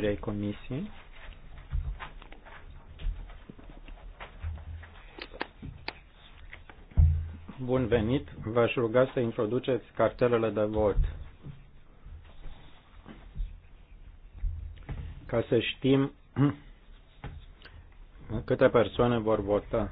membri ai comisiei. Bun venit! V-aș ruga să introduceți cartelele de vot. Ca să știm câte persoane vor vota.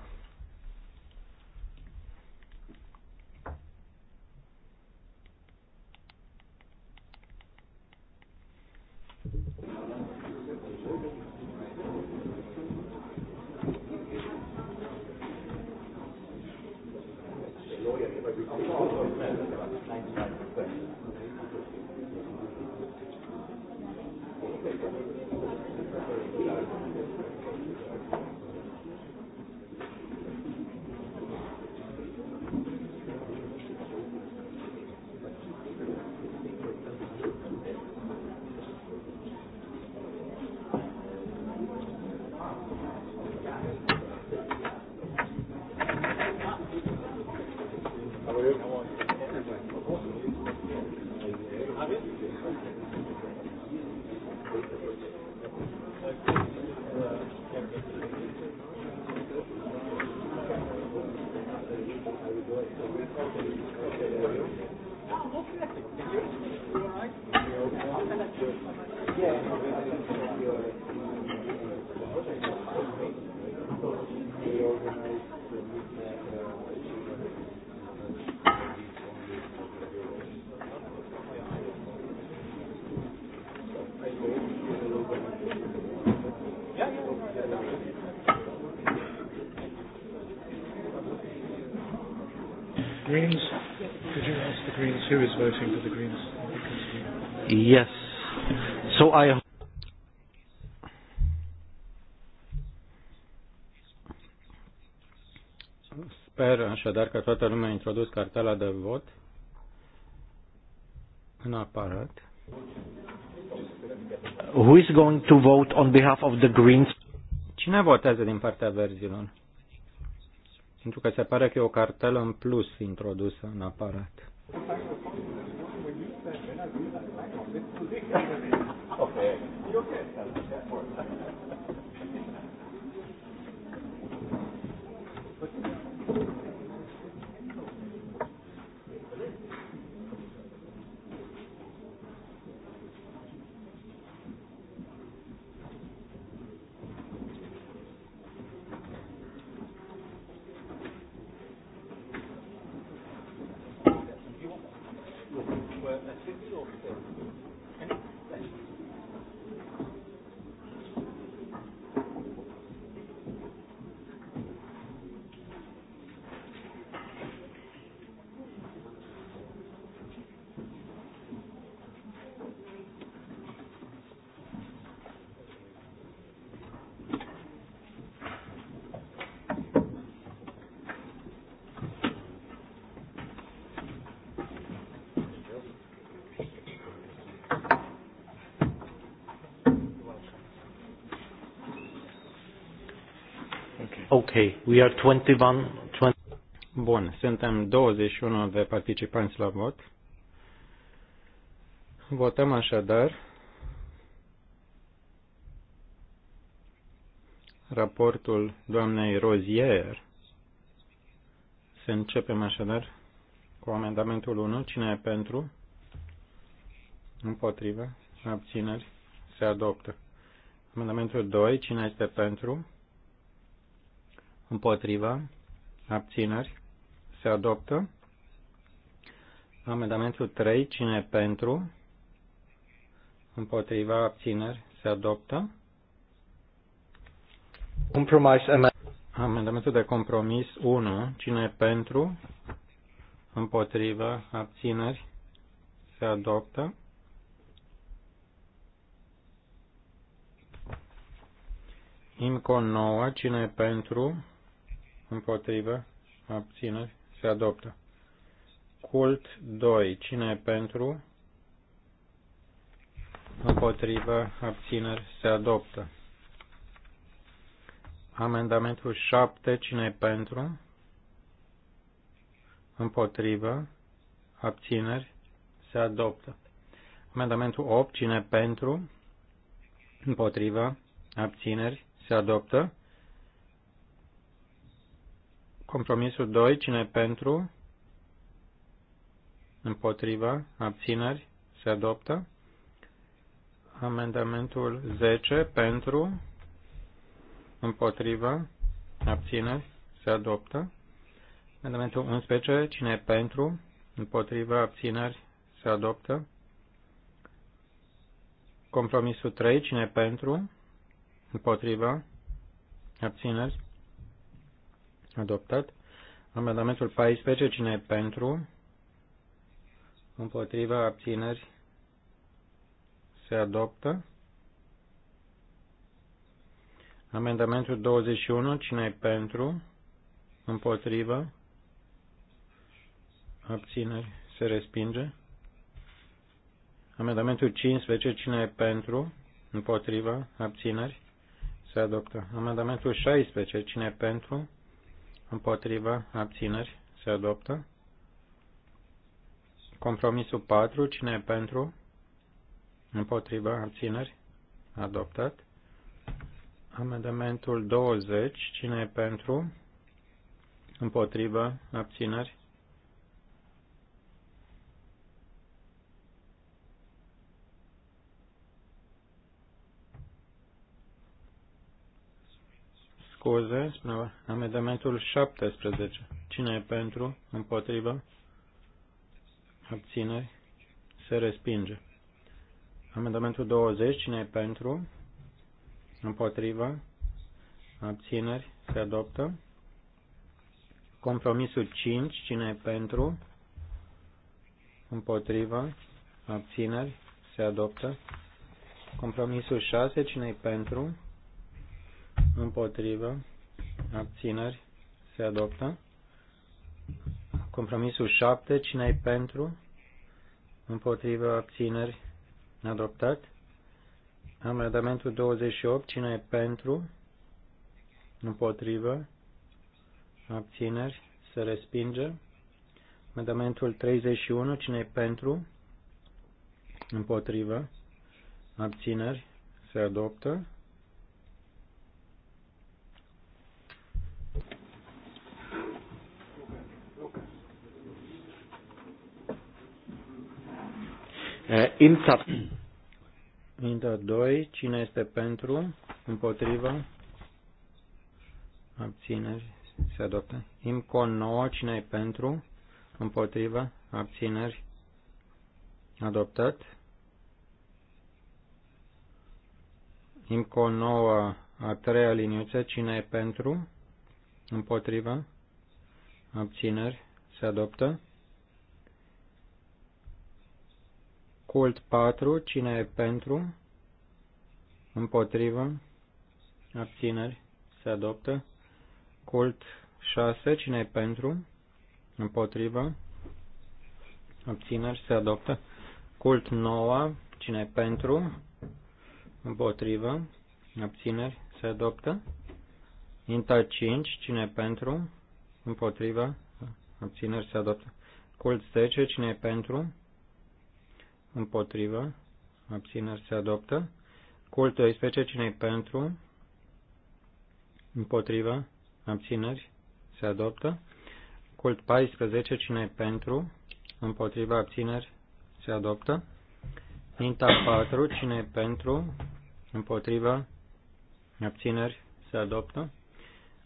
așadar că toată lumea a introdus cartela de vot în aparat. Who is going to vote on behalf of the Greens? Cine votează din partea verzilor? Pentru că se pare că e o cartelă în plus introdusă în aparat. Okay. Okay, we are 21. 20. Bun, suntem 21 de participanți la vot. Votăm așadar raportul doamnei Rozier. Să începem așadar cu amendamentul 1. Cine e pentru? Împotrivă? Abțineri? Se adoptă. Amendamentul 2. Cine este pentru? împotriva, abțineri, se adoptă. Amendamentul 3, cine pentru, împotriva, abțineri, se adoptă. Amendamentul de compromis 1, cine pentru, împotriva, abțineri, se adoptă. IMCO 9, cine pentru, împotrivă, abțineri, se adoptă. Cult 2. Cine e pentru? Împotrivă, abțineri, se adoptă. Amendamentul 7. Cine e pentru? Împotrivă, abțineri, se adoptă. Amendamentul 8. Cine e pentru? Împotrivă, abțineri, se adoptă. Compromisul 2, cine pentru, împotriva, abțineri, se adoptă. Amendamentul 10, pentru, împotriva, abțineri, se adoptă. Amendamentul 11, cine pentru, împotriva, abțineri, se adoptă. Compromisul 3, cine pentru, împotriva, abțineri, Adoptat. Amendamentul 14. Cine e pentru? Împotriva abțineri se adoptă. Amendamentul 21. Cine e pentru? Împotriva? Abțineri? Se respinge? Amendamentul 15. Cine e pentru? Împotriva? Abțineri? Se adoptă. Amendamentul 16. Cine e pentru? împotriva, abțineri, se adoptă. Compromisul 4, cine e pentru, împotriva, abțineri, adoptat. Amendamentul 20, cine e pentru, împotriva, abțineri, scuze, spune amendamentul 17. Cine e pentru, împotrivă, abțineri, se respinge. Amendamentul 20, cine e pentru, împotrivă, abțineri, se adoptă. Compromisul 5, cine e pentru, împotrivă, abțineri, se adoptă. Compromisul 6, cine e pentru, împotrivă, abțineri, se adoptă. Compromisul 7, cine e pentru, împotrivă, abțineri, adoptat. Amendamentul 28, cine e pentru, împotrivă, abțineri, se respinge. Amendamentul 31, cine e pentru, împotrivă, abțineri, se adoptă. Eh, Inta. 2. Cine este pentru? Împotrivă? Abțineri. Se adoptă. Imco 9. Cine e pentru? Împotrivă? Abțineri. Adoptat. Imco 9. A treia liniuță. Cine e pentru? Împotrivă? Abțineri. Se adoptă. Cult 4, cine e pentru? Împotrivă? Abțineri? Se adoptă. Cult 6, cine e pentru? Împotrivă? Abțineri? Se adoptă. Cult 9, cine e pentru? Împotrivă? Abțineri? Se adoptă. Inta 5, cine e pentru? Împotrivă? Abțineri? Se adoptă. Cult 10, cine e pentru? împotrivă, abțineri se adoptă. Cult 12, cine pentru, împotrivă, abțineri se adoptă. Cult 14, cine pentru, împotrivă, abțineri se adoptă. Inta 4, cine pentru, împotrivă, abțineri se adoptă.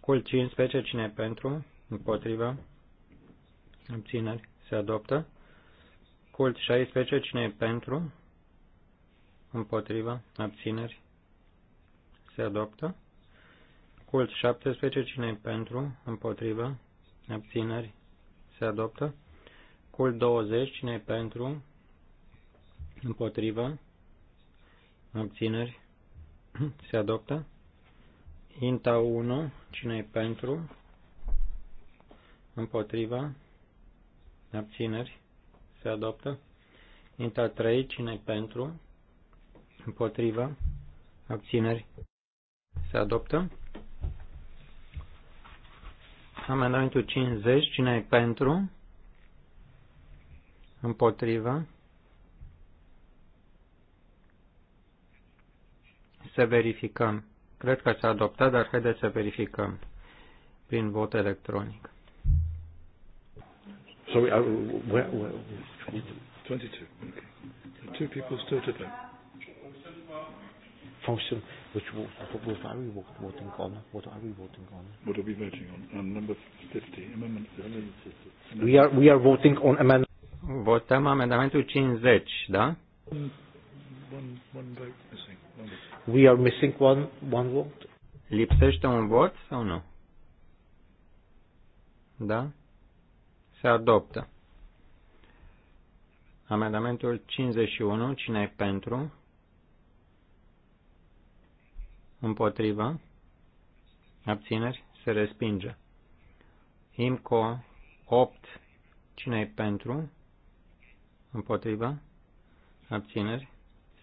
Cult 15, cine pentru, împotrivă, abțineri se adoptă. Cult 16, cine e pentru? Împotriva, abțineri, se adoptă. Cult 17, cine e pentru? Împotriva, abțineri, se adoptă. Cult 20, cine e pentru? Împotriva, abțineri, se adoptă. Inta 1, cine e pentru? Împotriva, abțineri, se adoptă. Inta 3, cine pentru, împotriva, abțineri, se adoptă. Amendamentul 50, cine e pentru, împotriva, să verificăm. Cred că s-a adoptat, dar haideți să verificăm prin vot electronic. So, uh, where, where, 22. Okay. The two people still to vote. Function, which what, what are we voting on? What are we voting on? What are we voting on? On number 50, amendment 50. We are, we are voting on amendment. Votăm amendamentul 50, da? One, one, one vote missing. One vote. We are missing one, one vote. Lipsește un vot sau nu? Da? Se adoptă. Amendamentul 51, cine e pentru? Împotrivă? Abțineri? Se respinge. IMCO 8, cine e pentru? Împotrivă? Abțineri?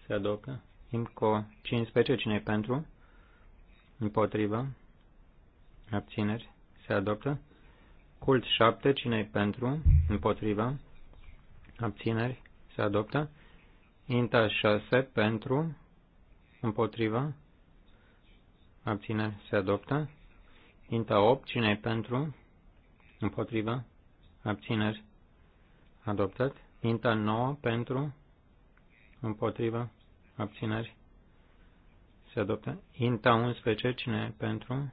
Se adoptă. IMCO 15, cine e pentru? Împotrivă? Abțineri? Se adoptă. Cult 7, cine e pentru? Împotrivă? abțineri, se adoptă. Inta 6 pentru, împotriva, abțineri, se adoptă. Inta 8, cine pentru, împotriva, abțineri, adoptat. Inta 9 pentru, împotriva, abțineri, se adoptă. Inta 11, cine pentru,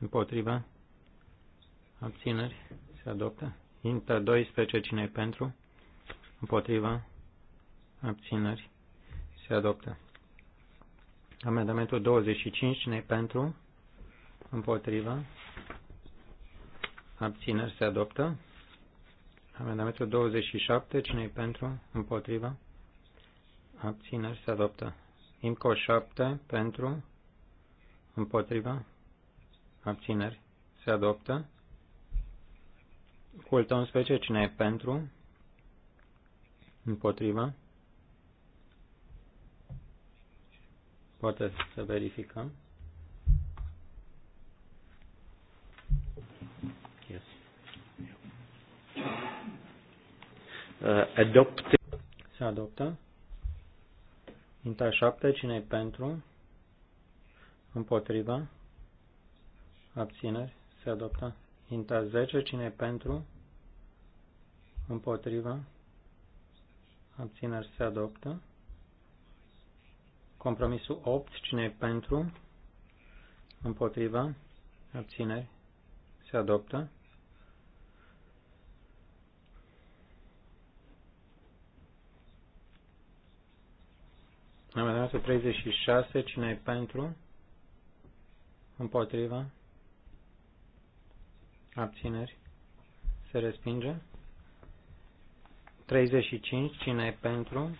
împotriva, abțineri, se adoptă. Inta 12, cine pentru, împotriva, abțineri, se adoptă. Amendamentul 25, ne pentru, împotriva, abțineri, se adoptă. Amendamentul 27, cine pentru, împotriva, abțineri, se adoptă. IMCO 7, pentru, împotriva, abțineri, se adoptă. Cultă 11, cine e pentru, Împotriva. Poate să verificăm. Yes. Uh, adopt. Se adoptă. Inta 7, cine e pentru? Împotriva. Abțineri. Se adoptă. Inta 10, cine e pentru? Împotriva abțineri se adoptă. Compromisul 8, cine e pentru, împotriva, abțineri se adoptă. Amendamentul 36, cine e pentru? Împotriva? Abțineri? Se respinge? 35. Cine e pentru?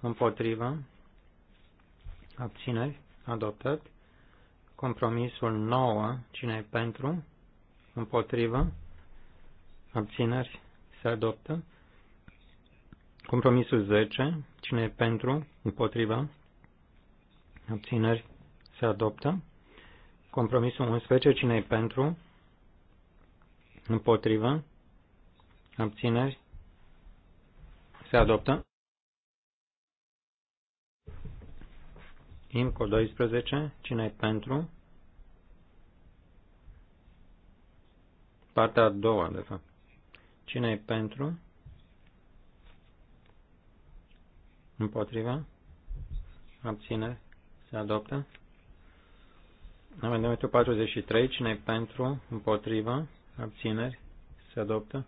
Împotrivă? Abțineri? Adoptat. Compromisul 9. Cine e pentru? Împotrivă? Abțineri? Se adoptă. Compromisul 10. Cine e pentru? Împotrivă? Abțineri? Se adoptă. Compromisul 11. Cine e pentru? Împotrivă? Abțineri? se adoptă. Inco 12, cine e pentru? Partea a doua, de fapt. Cine e pentru? Împotriva? Abține? Se adoptă? Amendamentul 43. Cine e pentru? Împotriva? Abțineri? Se adoptă?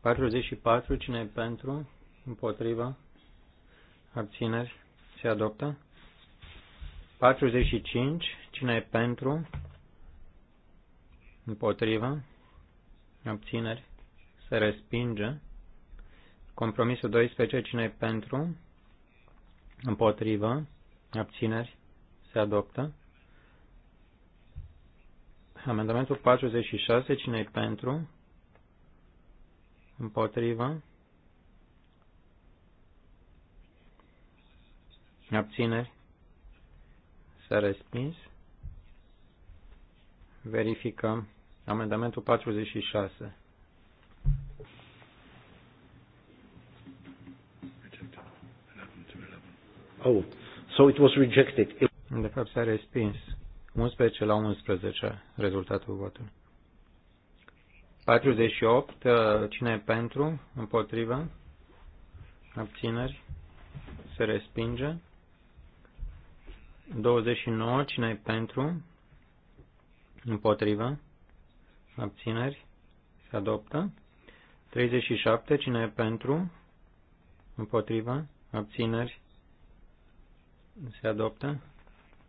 44. Cine e pentru? împotriva, abțineri, se adoptă. 45, cine e pentru, împotriva, abțineri, se respinge. Compromisul 12, cine e pentru, împotriva, abțineri, se adoptă. Amendamentul 46, cine e pentru, împotriva, Abțineri. S-a respins. Verificăm. Amendamentul 46. Oh, so it was rejected. De fapt s-a respins. 11 la 11 rezultatul votului. 48. Uh, cine e pentru? împotrivă, Abțineri? Se respinge. 29, cine e pentru? Împotrivă? Abțineri? Se adoptă. 37, cine e pentru? Împotrivă? Abțineri? Se adoptă.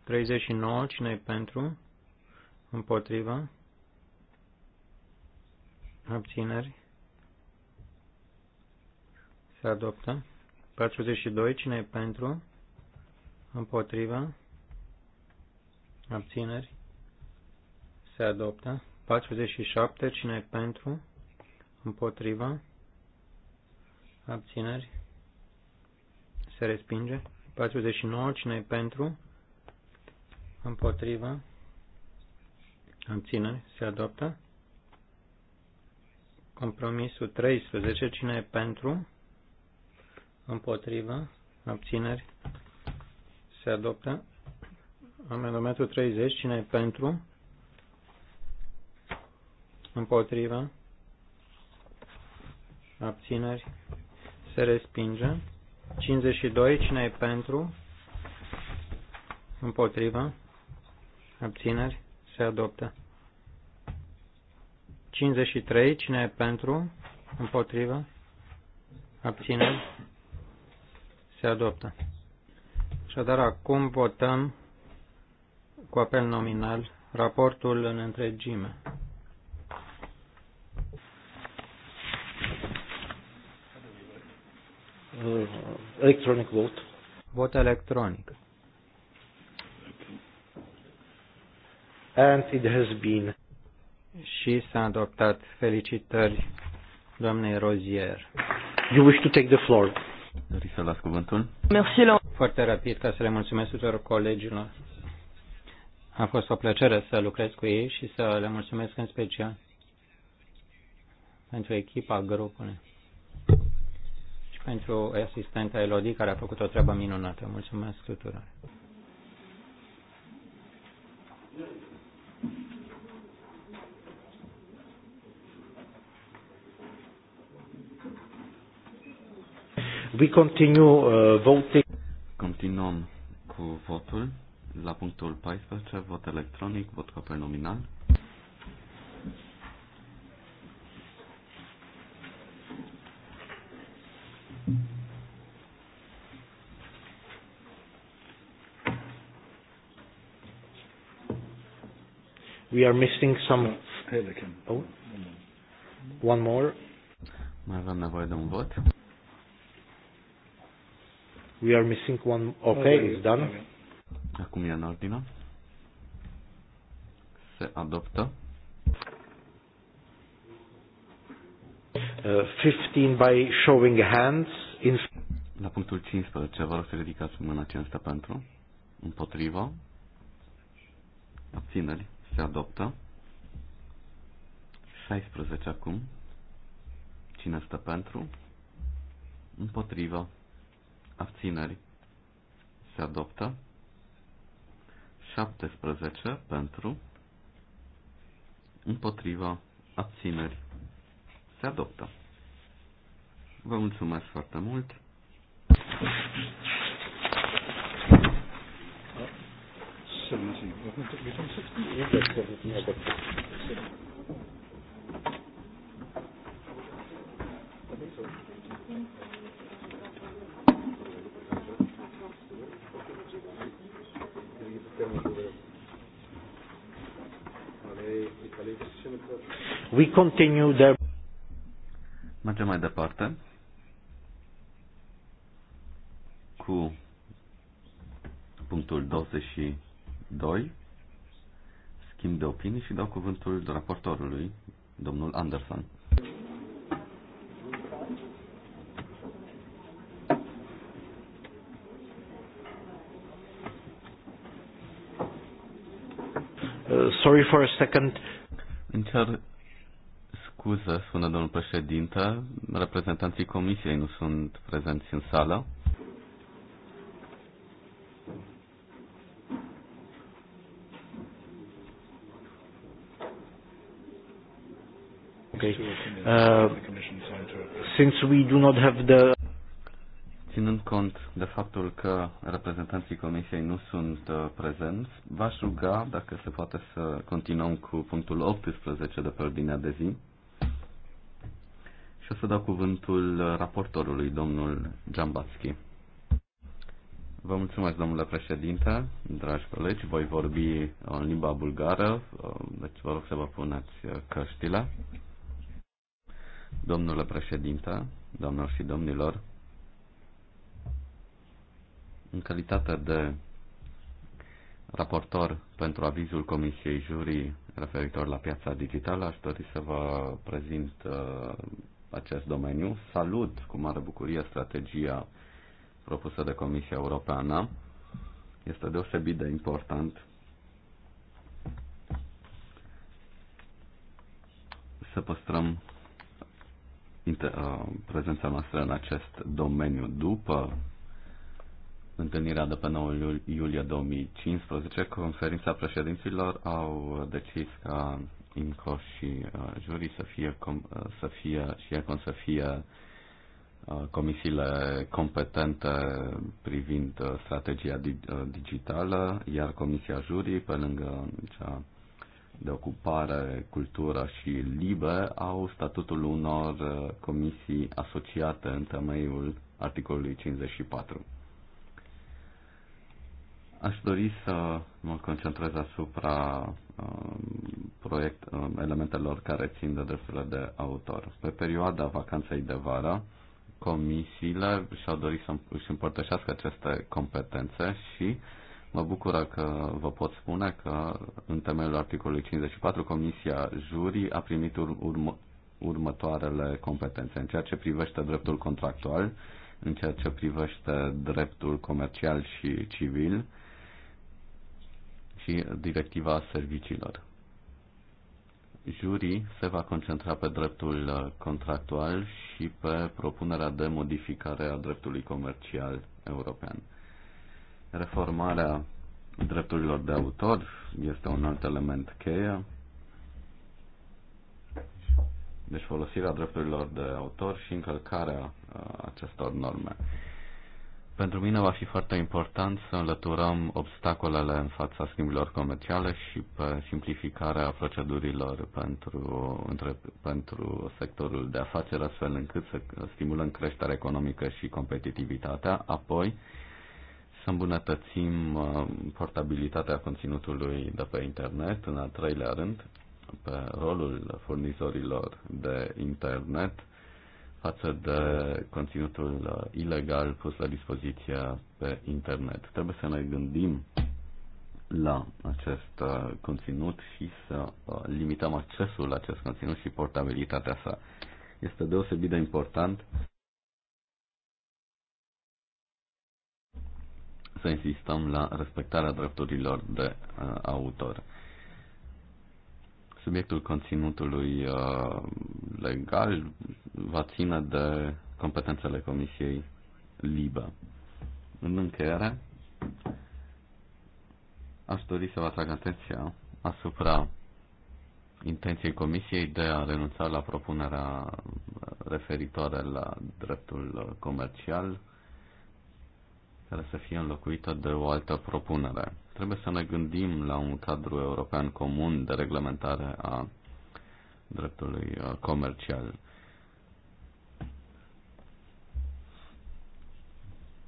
39, cine e pentru? Împotrivă? Abțineri? Se adoptă. 42, cine e pentru? Împotrivă? abțineri, se adoptă. 47, cine e pentru, împotriva, abțineri, se respinge. 49, cine e pentru, împotriva, abțineri, se adoptă. Compromisul 13, cine e pentru, împotriva, abțineri, se adoptă. Amendamentul 30, cine e pentru? Împotrivă? Abțineri? Se respinge. 52, cine e pentru? Împotrivă? Abțineri? Se adoptă. 53, cine e pentru? Împotrivă? Abțineri? Se adoptă. Așadar, acum votăm cu apel nominal raportul în întregime. Uh, electronic vote. Vot electronic. And it has been. Și s-a adoptat. Felicitări, doamnei Rozier. You wish to take the floor. Doriți să las cuvântul? Foarte rapid, ca să le mulțumesc tuturor colegilor a fost o plăcere să lucrez cu ei și să le mulțumesc în special pentru echipa grupului și pentru asistenta Elodie care a făcut o treabă minunată. Mulțumesc tuturor! We continue uh, voting. Continuăm cu votul la punctul 14, vot electronic, vot ca nominal. We are missing some. Oh. One more. Mai avem nevoie de un vot. We are missing one. Oh, okay, okay. it's done. Okay. Acum e în ordine. Se adoptă. 15 uh, by showing hands. In... La punctul 15, vă rog să ridicați mâna aceasta pentru. Împotriva. Abțineri. Se adoptă. 16 acum. Cine stă pentru? Împotriva. Abțineri. Se adoptă. 17 pentru, împotriva, abțineri, se adoptă. Vă mulțumesc foarte mult! Thank you. We continue the... Mergem mai departe cu punctul 22, schimb de opinii și dau cuvântul raportorului, domnul Anderson. Uh, sorry for a second. Îmi cer scuze, spune domnul președinte, reprezentanții comisiei nu sunt prezenți în sală. Okay. Uh, since we do not have the cont de faptul că reprezentanții Comisiei nu sunt uh, prezenți, v-aș ruga dacă se poate să continuăm cu punctul 18 de pe ordinea de zi. Și o să dau cuvântul raportorului, domnul Giambatski. Vă mulțumesc, domnule președinte, dragi colegi, voi vorbi uh, în limba bulgară, uh, deci vă rog să vă puneți căștile. Domnule președinte, doamnelor și domnilor, în calitate de raportor pentru avizul Comisiei Jurii referitor la piața digitală, aș dori să vă prezint uh, acest domeniu. Salut cu mare bucurie strategia propusă de Comisia Europeană. Este deosebit de important să păstrăm uh, prezența noastră în acest domeniu. După întâlnirea de pe 9 iulie 2015, conferința președinților au decis ca INCO și uh, jurii să fie, com- uh, să fie și ECON să fie uh, comisiile competente privind uh, strategia di- uh, digitală, iar comisia jurii, pe lângă cea de ocupare, cultură și libe, au statutul unor uh, comisii asociate în temeiul articolului 54. Aș dori să mă concentrez asupra um, proiect, um, elementelor care țin de drepturile de autor. Pe perioada vacanței de vară, comisiile și-au dorit să își împărtășească aceste competențe și mă bucură că vă pot spune că în temeiul articolului 54 Comisia Jurii a primit urmă- următoarele competențe în ceea ce privește dreptul contractual, în ceea ce privește dreptul comercial și civil, și directiva serviciilor. Jurii se va concentra pe dreptul uh, contractual și pe propunerea de modificare a dreptului comercial european. Reformarea drepturilor de autor este un alt element cheie. Deci folosirea drepturilor de autor și încălcarea uh, acestor norme. Pentru mine va fi foarte important să înlăturăm obstacolele în fața schimbilor comerciale și pe simplificarea procedurilor pentru, între, pentru sectorul de afaceri, astfel încât să stimulăm creșterea economică și competitivitatea, apoi să îmbunătățim uh, portabilitatea conținutului de pe internet, în al treilea rând, pe rolul furnizorilor de internet, față de conținutul uh, ilegal pus la dispoziție pe internet. Trebuie să ne gândim la acest uh, conținut și să uh, limităm accesul la acest conținut și portabilitatea sa. Este deosebit de important să insistăm la respectarea drepturilor de autor. Subiectul conținutului uh, legal va ține de competențele Comisiei Libă. În încheiere, aș dori să vă atrag atenția asupra intenției Comisiei de a renunța la propunerea referitoare la dreptul comercial, care să fie înlocuită de o altă propunere Trebuie să ne gândim la un cadru european comun de reglementare a dreptului uh, comercial.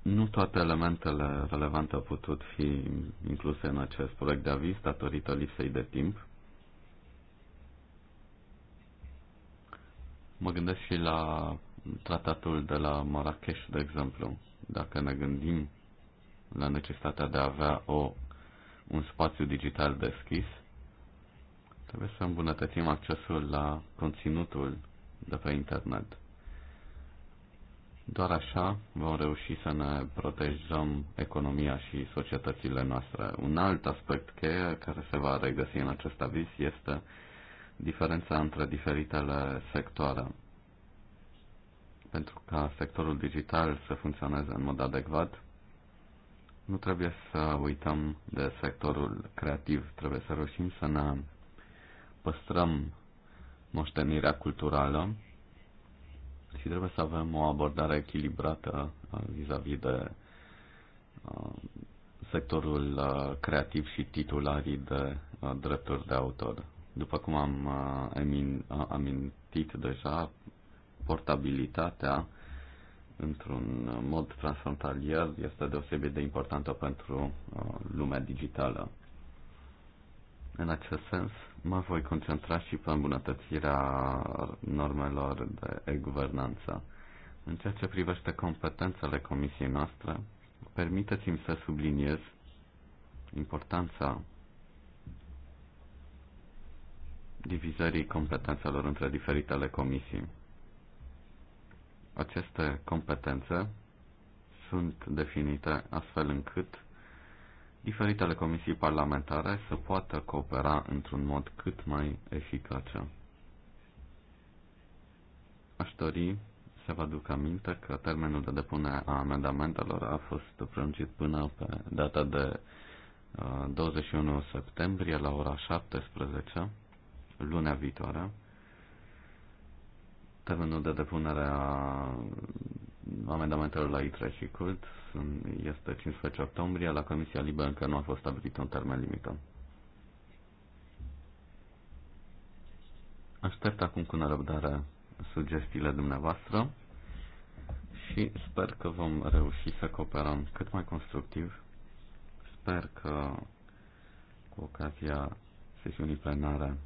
Nu toate elementele relevante au putut fi incluse în acest proiect de aviz datorită lipsei de timp. Mă gândesc și la tratatul de la Marrakesh, de exemplu. Dacă ne gândim la necesitatea de a avea o un spațiu digital deschis, trebuie să îmbunătățim accesul la conținutul de pe internet. Doar așa vom reuși să ne protejăm economia și societățile noastre. Un alt aspect cheie care se va regăsi în acest avis este diferența între diferitele sectoare. Pentru ca sectorul digital să funcționeze în mod adecvat, nu trebuie să uităm de sectorul creativ, trebuie să reușim să ne păstrăm moștenirea culturală și trebuie să avem o abordare echilibrată uh, vis-a-vis -vis de uh, sectorul uh, creativ și titularii de drepturi de autor. După cum am amintit deja, portabilitatea într-un mod transfrontalier este deosebit de importantă pentru uh, lumea digitală. În acest sens, mă voi concentra și pe îmbunătățirea normelor de e-guvernanță. În ceea ce privește competențele comisiei noastre, permiteți-mi să subliniez importanța divizării competențelor între diferitele comisii. Aceste competențe sunt definite astfel încât diferitele comisii parlamentare să poată coopera într-un mod cât mai eficace. Aș dori să vă aduc aminte că termenul de depunere a amendamentelor a fost prelungit până pe data de 21 uh, septembrie la ora 17, lunea viitoare, termenul de depunere a amendamentelor la ITRE și CULT este 15 octombrie. La Comisia Liberă încă nu a fost stabilit un termen limită. Aștept acum cu nerăbdare sugestiile dumneavoastră și sper că vom reuși să cooperăm cât mai constructiv. Sper că cu ocazia sesiunii plenare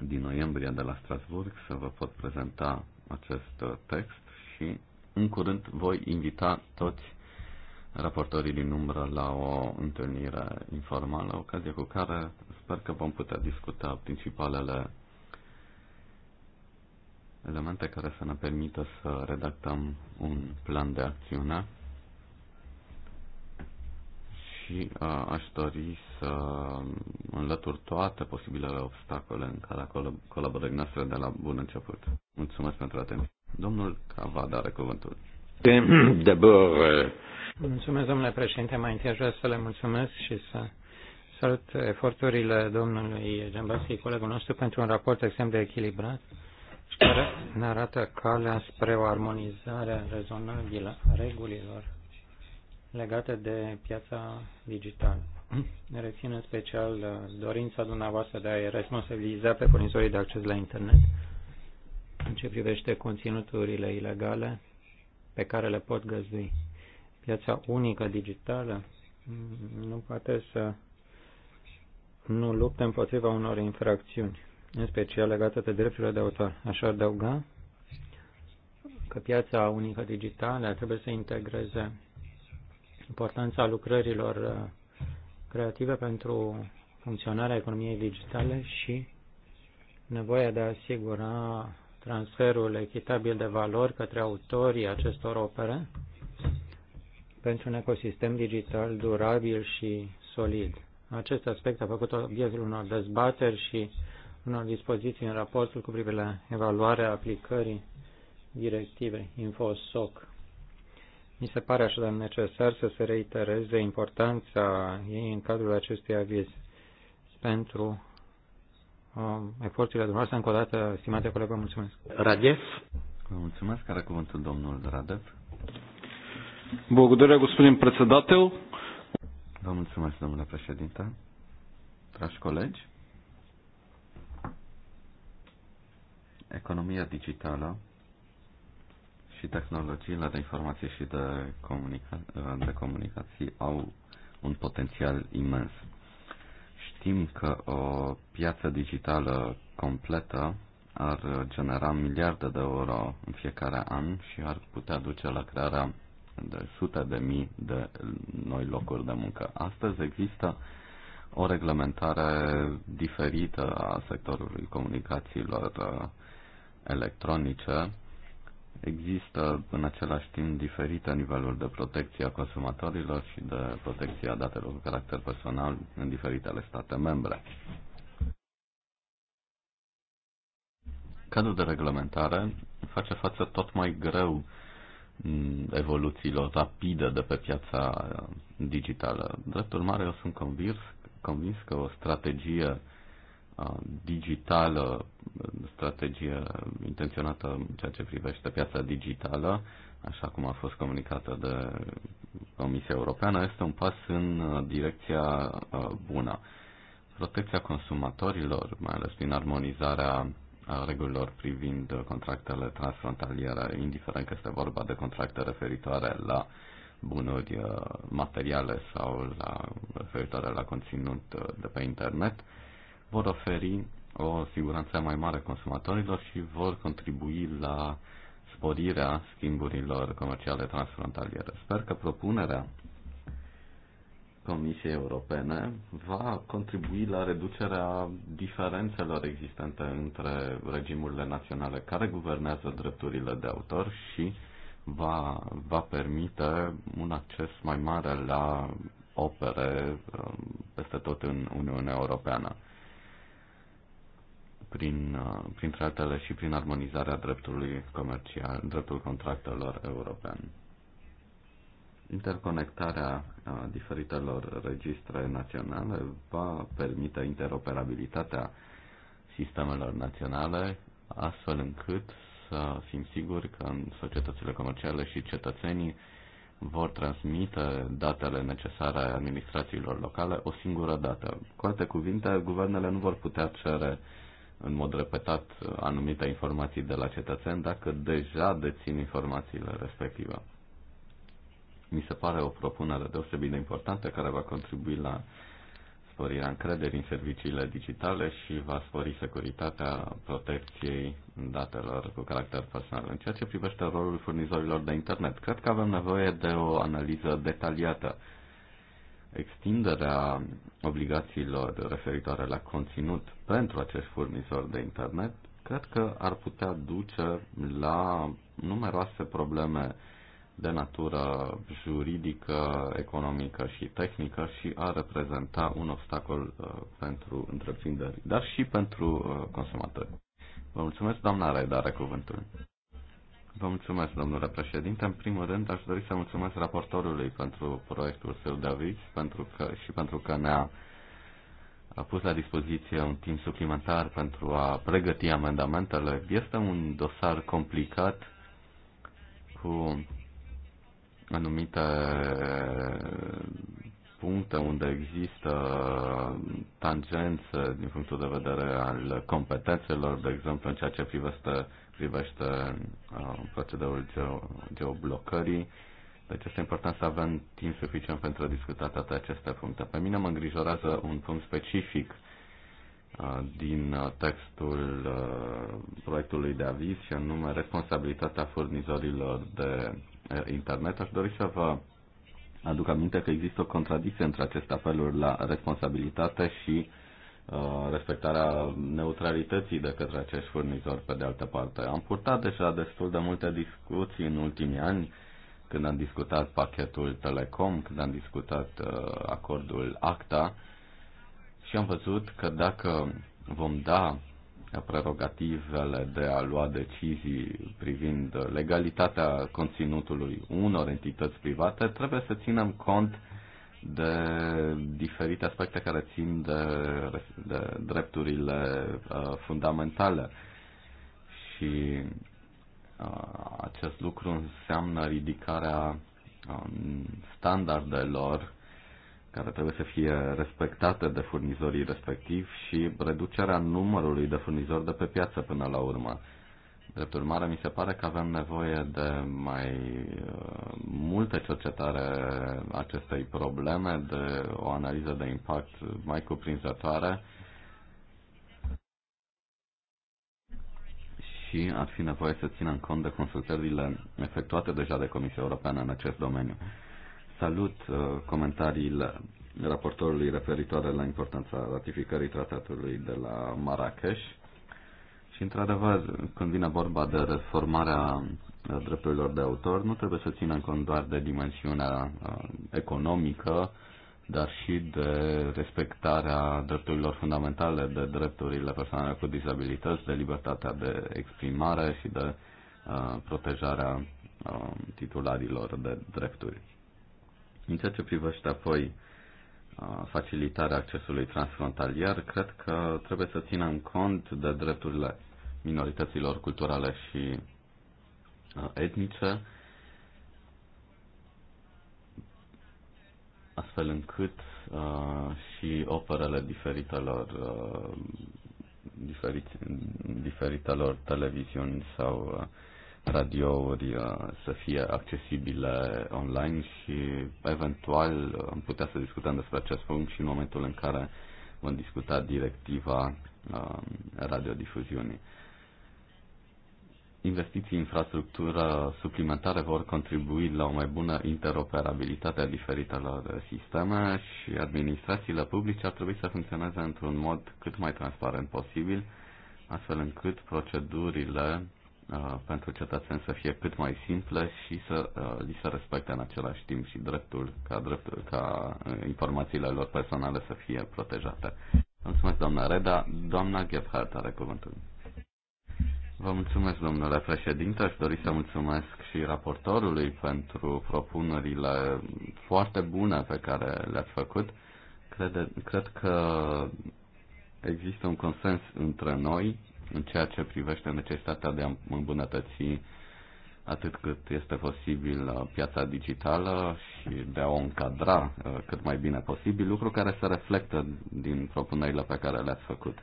din noiembrie de la Strasburg să vă pot prezenta acest uh, text și în curând voi invita toți raportorii din umbră la o întâlnire informală, ocazie cu care sper că vom putea discuta principalele elemente care să ne permită să redactăm un plan de acțiune și aș dori să înlătur toate posibilele obstacole în calea colaborării noastre de la bun început. Mulțumesc pentru atenție. Domnul Cavada are cuvântul. De bără. Mulțumesc, domnule președinte. Mai întâi aș vrea să le mulțumesc și să salut eforturile domnului Jambasi, colegul nostru, pentru un raport extrem de echilibrat și care ne arată calea spre o armonizare rezonabilă a regulilor legate de piața digitală. Rețin în special uh, dorința dumneavoastră de a responsabiliza pe furnizorii de acces la internet în ce privește conținuturile ilegale pe care le pot găzdui. Piața unică digitală mm, nu poate să nu lupte împotriva unor infracțiuni, în special legate de drepturile de autor. Aș adăuga că piața unică digitală trebuie să integreze importanța lucrărilor uh, creative pentru funcționarea economiei digitale și nevoia de a asigura transferul echitabil de valori către autorii acestor opere pentru un ecosistem digital durabil și solid. Acest aspect a făcut obiectul unor dezbateri și unor dispoziții în raportul cu privire la evaluarea aplicării directivei InfoSoc. Mi se pare așadar necesar să se reitereze importanța ei în cadrul acestui aviz pentru um, eforturile dumneavoastră. Încă o dată, stimate colegă, mulțumesc. Radev. Vă mulțumesc. Care cuvântul domnul Radev. Благодаря, господин председател. Vă mulțumesc, domnule președinte. Dragi colegi, economia digitală și tehnologiile de informație și de, comunica- de comunicații au un potențial imens. Știm că o piață digitală completă ar genera miliarde de euro în fiecare an și ar putea duce la crearea de sute de mii de noi locuri de muncă. Astăzi există o reglementare diferită a sectorului comunicațiilor uh, electronice Există în același timp diferite niveluri de protecție a consumatorilor și de protecție a datelor cu caracter personal în diferitele state membre. Cadrul de reglementare face față tot mai greu mm, evoluțiilor rapide de pe piața digitală. Drept urmare, eu sunt convins, convins că o strategie Um, digitală, strategie intenționată în ceea ce privește piața digitală, așa cum a fost comunicată de Comisia Europeană, este un pas în uh, direcția uh, bună. Protecția consumatorilor, mai ales prin armonizarea uh, regulilor privind contractele transfrontaliere, indiferent că este vorba de contracte referitoare la bunuri materiale sau la, referitoare la conținut de pe internet, vor oferi o siguranță mai mare consumatorilor și vor contribui la sporirea schimburilor comerciale transfrontaliere. Sper că propunerea Comisiei Europene va contribui la reducerea diferențelor existente între regimurile naționale care guvernează drepturile de autor și va, va permite un acces mai mare la opere um, peste tot în Uniunea Europeană prin, uh, printre altele și prin armonizarea dreptului comercial, dreptul contractelor european. Interconectarea uh, diferitelor registre naționale va permite interoperabilitatea sistemelor naționale, astfel încât să fim siguri că în societățile comerciale și cetățenii vor transmite datele necesare administrațiilor locale o singură dată. Cu alte cuvinte, guvernele nu vor putea cere uh, în mod repetat anumite informații de la cetățeni dacă deja dețin informațiile respective. Mi se pare o propunere deosebit de importantă care va contribui la sporirea încrederii în serviciile digitale și va spori securitatea protecției datelor cu caracter personal. În ceea ce privește rolul furnizorilor de internet, cred că avem nevoie de o analiză detaliată extinderea obligațiilor referitoare la conținut pentru acești furnizori de internet, cred că ar putea duce la numeroase probleme de natură juridică, economică și tehnică și a reprezenta un obstacol uh, pentru întreprinderi, dar și pentru uh, consumatori. Vă mulțumesc, doamna Raida, are cuvântul. Vă mulțumesc, domnule președinte. În primul rând, aș dori să mulțumesc raportorului pentru proiectul său de aviz pentru că, și pentru că ne-a a pus la dispoziție un timp suplimentar pentru a pregăti amendamentele. Este un dosar complicat cu anumite puncte unde există tangențe din punctul de vedere al competențelor, de exemplu în ceea ce privește privește uh, procedeul geoblocării. Deci este important să avem timp suficient pentru a discuta toate aceste puncte. Pe mine mă îngrijorează un punct specific uh, din textul uh, proiectului de aviz și anume responsabilitatea furnizorilor de internet. Aș dori să vă aduc aminte că există o contradicție între aceste apeluri la responsabilitate și Uh, respectarea neutralității de către acești furnizori pe de altă parte. Am purtat deja destul de multe discuții în ultimii ani când am discutat pachetul Telecom, când am discutat uh, acordul ACTA și am văzut că dacă vom da prerogativele de a lua decizii privind legalitatea conținutului unor entități private, trebuie să ținem cont de diferite aspecte care țin de, de drepturile uh, fundamentale. Și uh, acest lucru înseamnă ridicarea um, standardelor care trebuie să fie respectate de furnizorii respectivi și reducerea numărului de furnizori de pe piață până la urmă. Drept urmare, mi se pare că avem nevoie de mai uh, multă cercetare acestei probleme, de o analiză de impact mai cuprinzătoare și ar fi nevoie să în cont de consultările efectuate deja de Comisia Europeană în acest domeniu. Salut uh, comentariile raportorului referitoare la importanța ratificării tratatului de la Marrakesh și, într-adevăr, când vine vorba de reformarea uh, drepturilor de autor, nu trebuie să ținem cont doar de dimensiunea uh, economică, dar și de respectarea drepturilor fundamentale, de drepturile persoanelor cu dizabilități, de libertatea de exprimare și de uh, protejarea uh, titularilor de drepturi. În ceea ce privește apoi uh, facilitarea accesului transfrontalier, cred că trebuie să ținem cont de drepturile minorităților culturale și uh, etnice, astfel încât uh, și operele diferitelor, uh, diferit, diferitelor televiziuni sau uh, radiouri uh, să fie accesibile online și eventual uh, am putea să discutăm despre acest punct și în momentul în care vom discuta directiva uh, radiodifuziunii investiții în infrastructură suplimentare vor contribui la o mai bună interoperabilitate a diferitelor sisteme și administrațiile publice ar trebui să funcționeze într-un mod cât mai transparent posibil, astfel încât procedurile uh, pentru cetățeni să fie cât mai simple și să uh, li se respecte în același timp și dreptul ca, dreptul, ca uh, informațiile lor personale să fie protejate. Mulțumesc, doamna Reda. Doamna Gebhardt are cuvântul. Vă mulțumesc, domnule președinte. Aș dori să mulțumesc și raportorului pentru propunerile foarte bune pe care le-ați făcut. Crede, cred că există un consens între noi în ceea ce privește necesitatea de a îmbunătăți atât cât este posibil uh, piața digitală și de a o încadra uh, cât mai bine posibil, lucru care se reflectă din propunerile pe care le-ați făcut.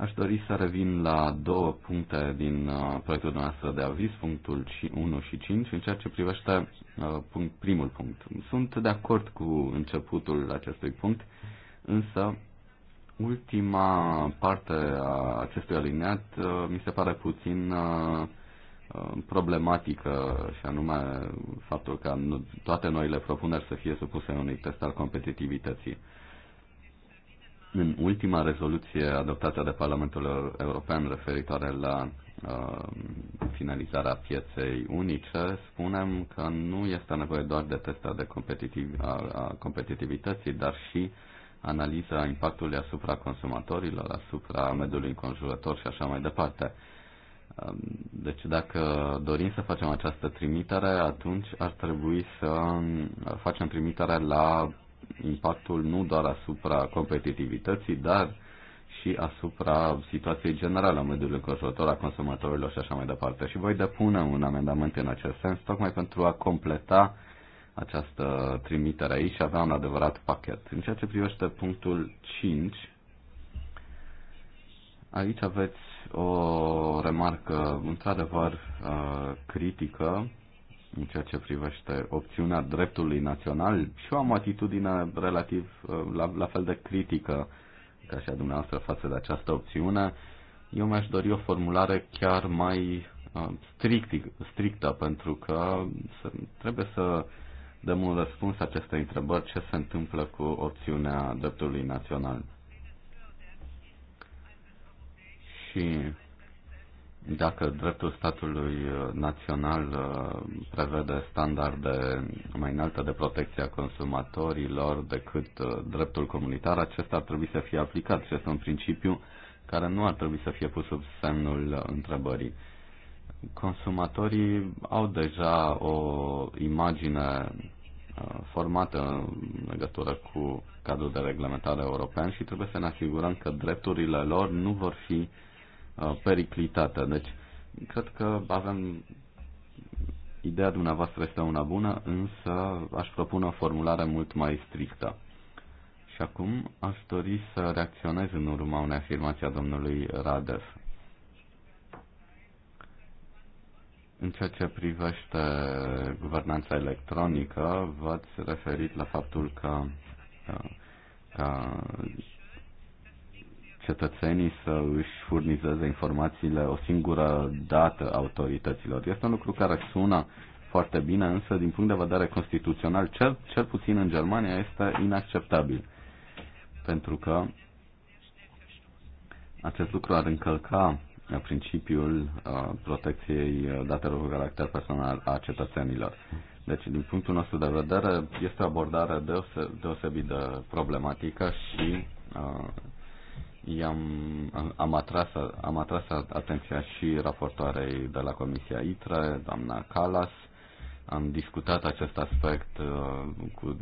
Aș dori să revin la două puncte din uh, proiectul nostru de aviz, punctul 1 și 5, în ceea ce privește uh, punct, primul punct. Sunt de acord cu începutul acestui punct, însă ultima parte a acestui alineat uh, mi se pare puțin problematică și anume faptul că toate noile propuneri să fie supuse unui test al competitivității în ultima rezoluție adoptată de Parlamentul European referitoare la uh, finalizarea pieței unice, spunem că nu este nevoie doar de testa de competitiv, a, a competitivității, dar și analiza impactului asupra consumatorilor, asupra mediului înconjurător și așa mai departe. Um, deci dacă dorim să facem această trimitere, atunci ar trebui să um, facem trimitere la impactul nu doar asupra competitivității, dar și asupra situației generale a mediului înconjurător, a consumatorilor și așa mai departe. Și voi depune un amendament în acest sens, tocmai pentru a completa această trimitere aici și avea un adevărat pachet. În ceea ce privește punctul 5, aici aveți o remarcă într-adevăr uh, critică în ceea ce privește opțiunea dreptului național și am o atitudine relativ uh, la, la fel de critică ca și a dumneavoastră față de această opțiune. Eu mi-aș dori o formulare chiar mai uh, strict, strictă, pentru că trebuie să dăm un răspuns acestei întrebări ce se întâmplă cu opțiunea dreptului național. Și dacă dreptul statului uh, național uh, prevede standarde mai înalte de protecție a consumatorilor decât uh, dreptul comunitar, acesta ar trebui să fie aplicat și este un principiu care nu ar trebui să fie pus sub semnul întrebării. Consumatorii au deja o imagine formată în legătură cu cadrul de reglementare european și trebuie să ne asigurăm că drepturile lor nu vor fi uh, Uh, periclitate. Deci, cred că avem ideea dumneavoastră este una bună, însă aș propune o formulare mult mai strictă. Și acum aș dori să reacționez în urma unei afirmații a domnului Radev. În ceea ce privește guvernanța electronică, v-ați referit la faptul că, uh, că cetățenii să își furnizeze informațiile o singură dată autorităților. Este un lucru care sună foarte bine, însă din punct de vedere constituțional, cel, cel puțin în Germania, este inacceptabil. Pentru că acest lucru ar încălca principiul uh, protecției datelor cu caracter personal a cetățenilor. Deci, din punctul nostru de vedere, este o abordare deose, deosebit de problematică și uh, i-am, am, atras, am atras atenția și raportoarei de la Comisia ITRE, doamna Calas. Am discutat acest aspect uh, cu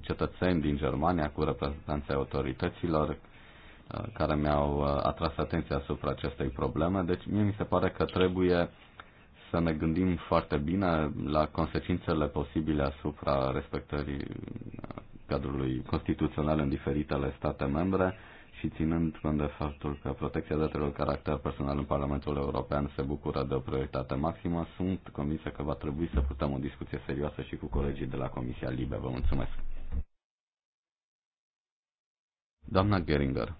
cetățeni din Germania, cu reprezentanții autorităților uh, care mi-au uh, atras atenția asupra acestei probleme. Deci mie mi se pare că trebuie să ne gândim foarte bine la consecințele posibile asupra respectării cadrului constituțional în diferitele state membre și ținând cont de faptul că protecția datelor caracter personal în Parlamentul European se bucură de o prioritate maximă, sunt convinsă că va trebui să putem o discuție serioasă și cu colegii de la Comisia Libe. Vă mulțumesc. Doamna Geringer.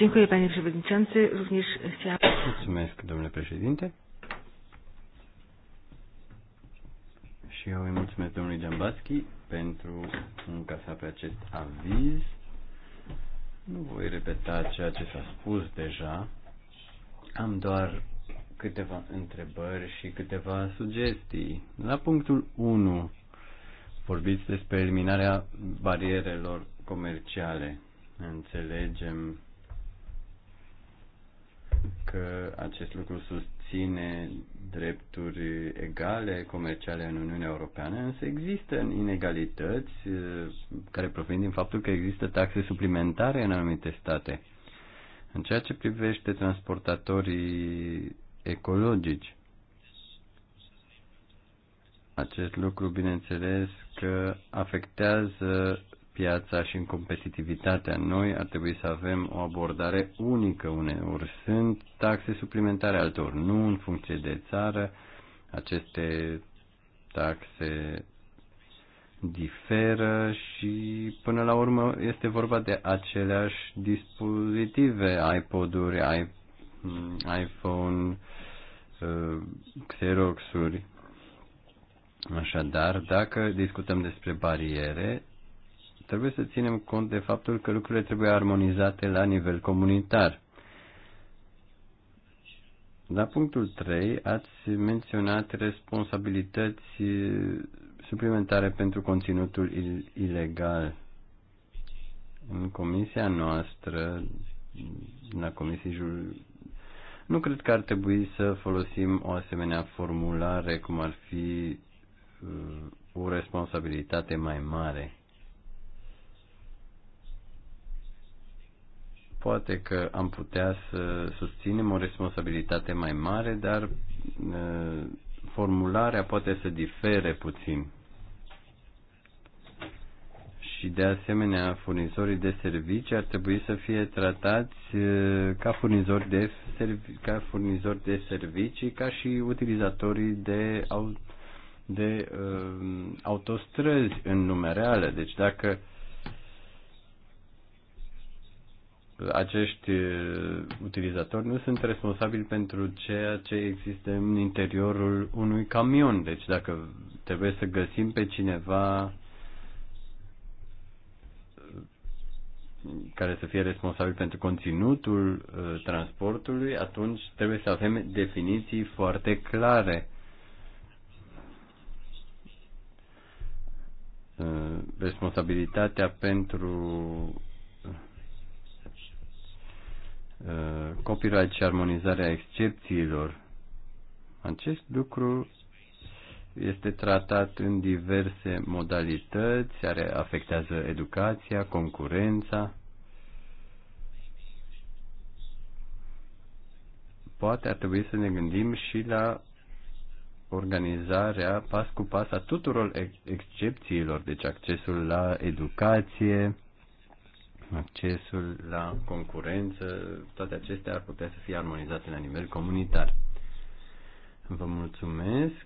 Dziękuję panie przewodniczący. Również chciałabym... Mulțumesc, domnule președinte. Și eu îi mulțumesc domnului Giambatski pentru munca sa pe acest aviz. Nu voi repeta ceea ce s-a spus deja. Am doar câteva întrebări și câteva sugestii. La punctul 1 vorbiți despre eliminarea barierelor comerciale. Înțelegem că acest lucru sus, obține drepturi egale comerciale în Uniunea Europeană, însă există inegalități eh, care provin din faptul că există taxe suplimentare în anumite state. În ceea ce privește transportatorii ecologici, acest lucru, bineînțeles, că afectează piața și în competitivitatea. Noi ar trebui să avem o abordare unică uneori. Sunt taxe suplimentare altor, nu în funcție de țară. Aceste taxe diferă și până la urmă este vorba de aceleași dispozitive, iPod-uri, mm, iPhone, uh, Xerox-uri. Așadar, dacă discutăm despre bariere, Trebuie să ținem cont de faptul că lucrurile trebuie armonizate la nivel comunitar. La punctul 3 ați menționat responsabilități suplimentare pentru conținutul ilegal. În comisia noastră, la comisii jur... nu cred că ar trebui să folosim o asemenea formulare cum ar fi uh, o responsabilitate mai mare. Poate că am putea să susținem o responsabilitate mai mare, dar formularea poate să difere puțin. Și de asemenea, furnizorii de servicii ar trebui să fie tratați ca furnizori de, servi- ca furnizori de servicii, ca și utilizatorii de, au- de uh, autostrăzi în lume reală. Deci dacă uh, acești eh, utilizatori nu sunt responsabili pentru ceea ce există în interiorul unui camion. Deci dacă trebuie să găsim pe cineva eh, care să fie responsabil pentru conținutul eh, transportului, atunci trebuie să avem definiții foarte clare. Responsabilitatea pentru Uh, copyright și armonizarea excepțiilor. Acest lucru este tratat în diverse modalități, care afectează educația, concurența. Poate ar trebui să ne gândim și la organizarea pas cu pas a tuturor excepțiilor, deci accesul la educație, accesul la concurență, toate acestea ar putea să fie armonizate la nivel comunitar. Vă mulțumesc.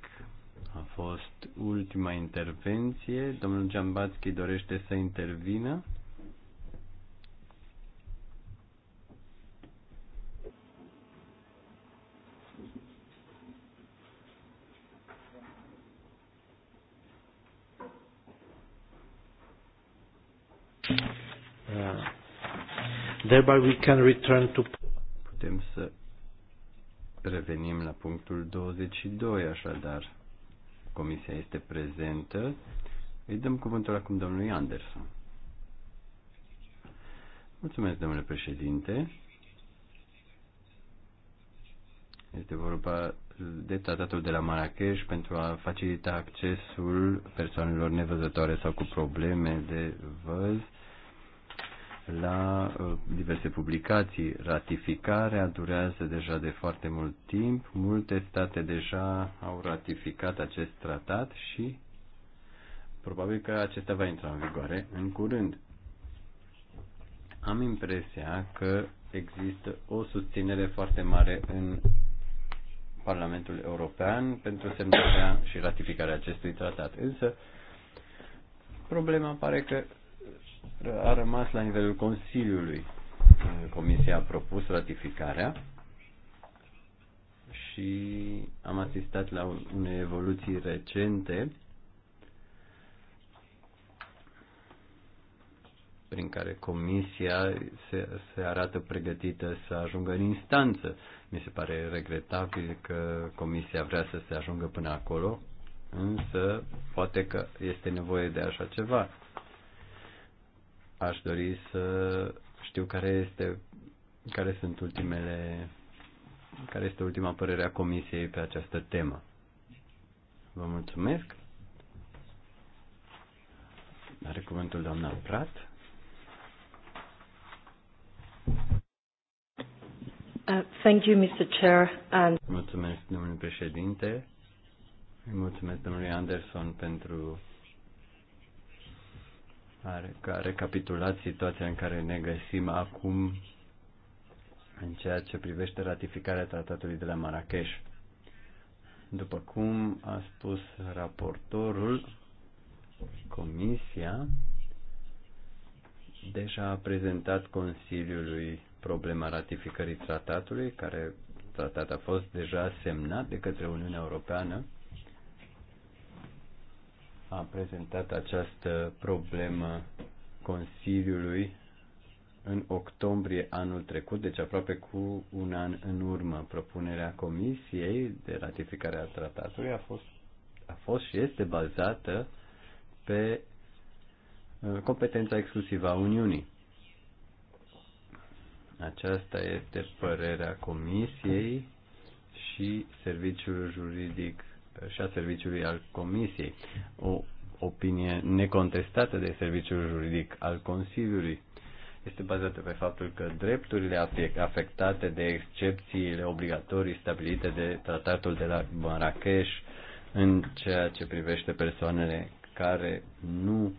A fost ultima intervenție. Domnul Giambatski dorește să intervină. Thereby we can return to... Putem să revenim la punctul 22, așadar. Comisia este prezentă. Îi dăm cuvântul acum domnului Anderson. Mulțumesc, domnule președinte. Este vorba de tratatul de la Marrakesh pentru a facilita accesul persoanelor nevăzătoare sau cu probleme de văz la uh, diverse publicații. Ratificarea durează deja de foarte mult timp, multe state deja au ratificat acest tratat și probabil că acesta va intra în vigoare în curând. Am impresia că există o susținere foarte mare în Parlamentul European pentru semnarea și ratificarea acestui tratat. Însă, problema pare că a rămas la nivelul Consiliului. Comisia a propus ratificarea și am asistat la unei evoluții recente prin care comisia se, se arată pregătită să ajungă în instanță. Mi se pare regretabil că comisia vrea să se ajungă până acolo, însă poate că este nevoie de așa ceva. Aș dori să știu care este care sunt ultimele care este ultima părere a comisiei pe această temă. Vă mulțumesc. Are cuvântul doamna Prat. Uh, thank you, Mr. Chair. And... Mulțumesc, domnule președinte. mulțumesc domnului Anderson pentru ca recapitulat situația în care ne găsim acum în ceea ce privește ratificarea tratatului de la Marrakesh. După cum a spus raportorul, Comisia deja a prezentat Consiliului problema ratificării tratatului, care tratat a fost deja semnat de către Uniunea Europeană a prezentat această problemă Consiliului în octombrie anul trecut, deci aproape cu un an în urmă. Propunerea Comisiei de ratificare a tratatului a fost, a fost și este bazată pe uh, competența exclusivă a Uniunii. Aceasta este părerea Comisiei și Serviciul Juridic și a serviciului al Comisiei, o opinie necontestată de serviciul juridic al Consiliului. Este bazată pe faptul că drepturile afectate de excepțiile obligatorii stabilite de tratatul de la Marrakesh în ceea ce privește persoanele care nu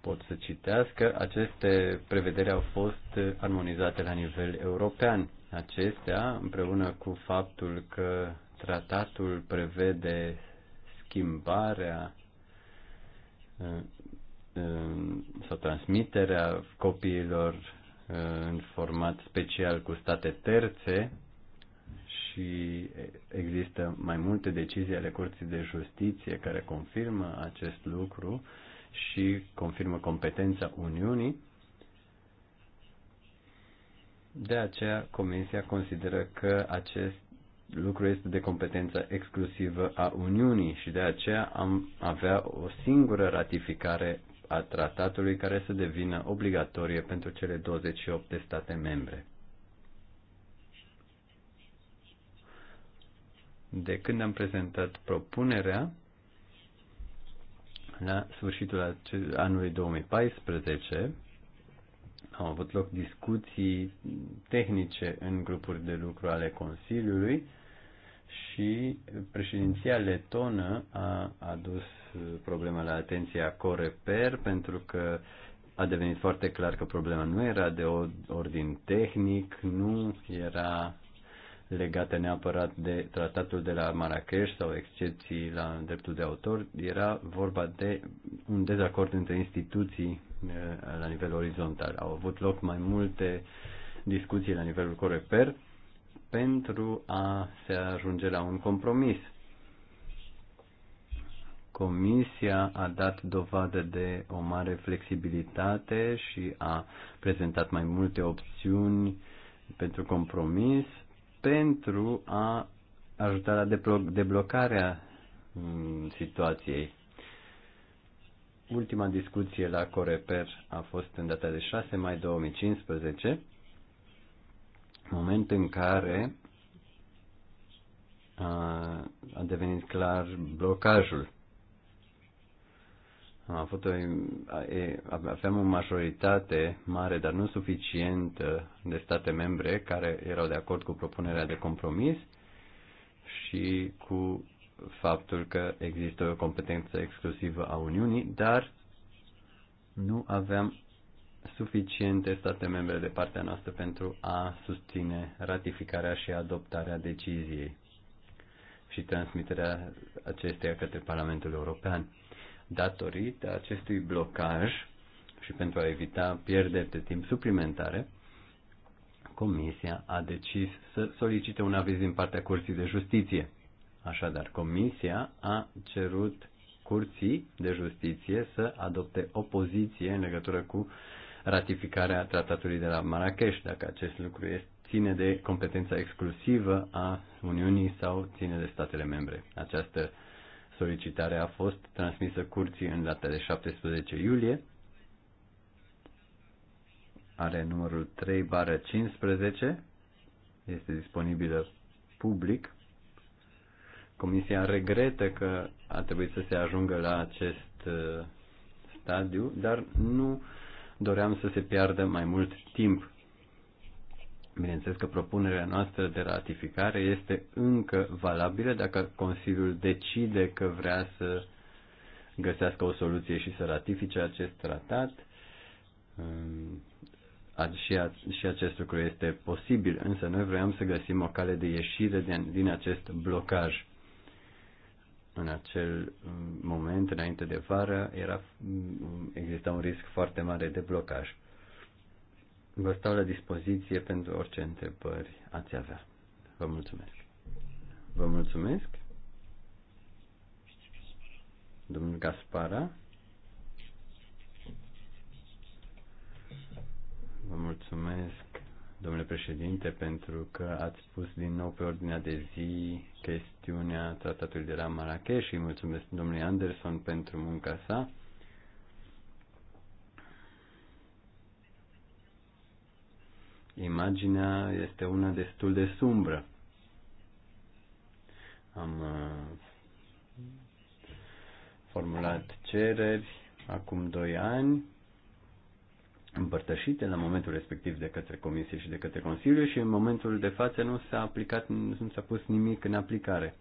pot să citească, aceste prevederi au fost armonizate la nivel european. Acestea, împreună cu faptul că tratatul prevede schimbarea uh, uh, sau transmiterea copiilor uh, în format special cu state terțe și există mai multe decizii ale Curții de Justiție care confirmă acest lucru și confirmă competența Uniunii. De aceea, Comisia consideră că acest lucru este de competență exclusivă a Uniunii și de aceea am avea o singură ratificare a tratatului care să devină obligatorie pentru cele 28 de state membre. De când am prezentat propunerea, la sfârșitul anului 2014, au avut loc discuții tehnice în grupuri de lucru ale Consiliului și președinția letonă a adus problema la atenția Coreper pentru că a devenit foarte clar că problema nu era de ordin tehnic, nu era legate neapărat de tratatul de la Marrakesh sau excepții la dreptul de autor, era vorba de un dezacord între instituții eh, la nivel orizontal. Au avut loc mai multe discuții la nivelul Coreper pentru a se ajunge la un compromis. Comisia a dat dovadă de o mare flexibilitate și a prezentat mai multe opțiuni pentru compromis pentru a ajuta la deblocarea mm, situației. Ultima discuție la Coreper a fost în data de 6 mai 2015, moment în care a, devenit clar blocajul. Am avut o, aveam o majoritate mare, dar nu suficientă, de state membre care erau de acord cu propunerea de compromis și cu faptul că există o competență exclusivă a Uniunii, dar nu aveam suficiente state membre de partea noastră pentru a susține ratificarea și adoptarea deciziei și transmiterea acesteia către Parlamentul European datorită acestui blocaj și pentru a evita pierderi de timp suplimentare, Comisia a decis să solicite un aviz din partea Curții de Justiție. Așadar, Comisia a cerut Curții de Justiție să adopte o poziție în legătură cu ratificarea tratatului de la Marrakesh, dacă acest lucru este, ține de competența exclusivă a Uniunii sau ține de statele membre. Această Solicitarea a fost transmisă curții în data de 17 iulie. Are numărul 3 bară 15. Este disponibilă public. Comisia regretă că a trebuit să se ajungă la acest uh, stadiu, dar nu doream să se piardă mai mult timp Bineînțeles că propunerea noastră de ratificare este încă valabilă dacă Consiliul decide că vrea să găsească o soluție și să ratifice acest tratat. Ehm, și acest lucru este posibil, însă noi vrem să găsim o cale de ieșire din acest blocaj. În acel mm, moment, înainte de vară, era, mm, exista un risc foarte mare de blocaj. Vă stau la dispoziție pentru orice întrebări ați avea. Vă mulțumesc. Vă mulțumesc. Domnul Gaspara. Vă mulțumesc, domnule președinte, pentru că ați pus din nou pe ordinea de zi chestiunea tratatului de la Marrakesh și mulțumesc domnului Anderson pentru munca sa. imaginea este una destul de sumbră. Am uh, formulat cereri acum doi ani, împărtășite la momentul respectiv de către Comisie și de către Consiliu și în momentul de față nu s-a aplicat, nu s-a pus nimic în aplicare.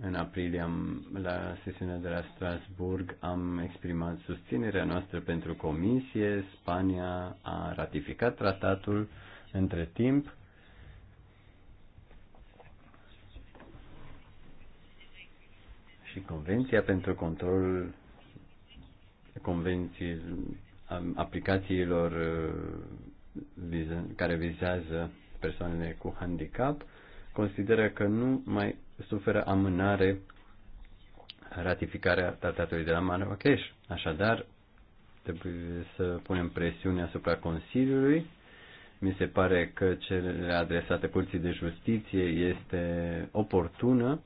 În aprilie, am, la sesiunea de la Strasburg, am exprimat susținerea noastră pentru comisie. Spania a ratificat tratatul între timp. Și Convenția pentru control, convenții, aplicațiilor uh, care vizează persoanele cu handicap consideră că nu mai suferă amânare ratificarea tratatului de la Marrakesh. Așadar, trebuie să punem presiune asupra Consiliului. Mi se pare că cele adresate Curții de Justiție este oportună,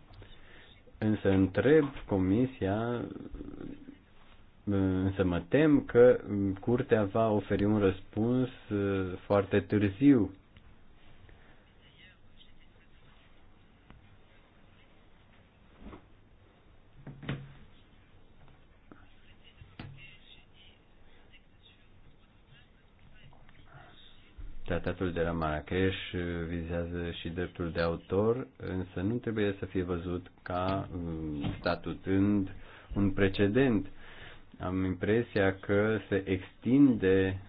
însă întreb Comisia, însă mă tem că Curtea va oferi un răspuns uh, foarte târziu Tratatul de la Marrakesh uh, vizează și dreptul de autor, însă nu trebuie să fie văzut ca um, statutând un precedent. Am impresia că se extinde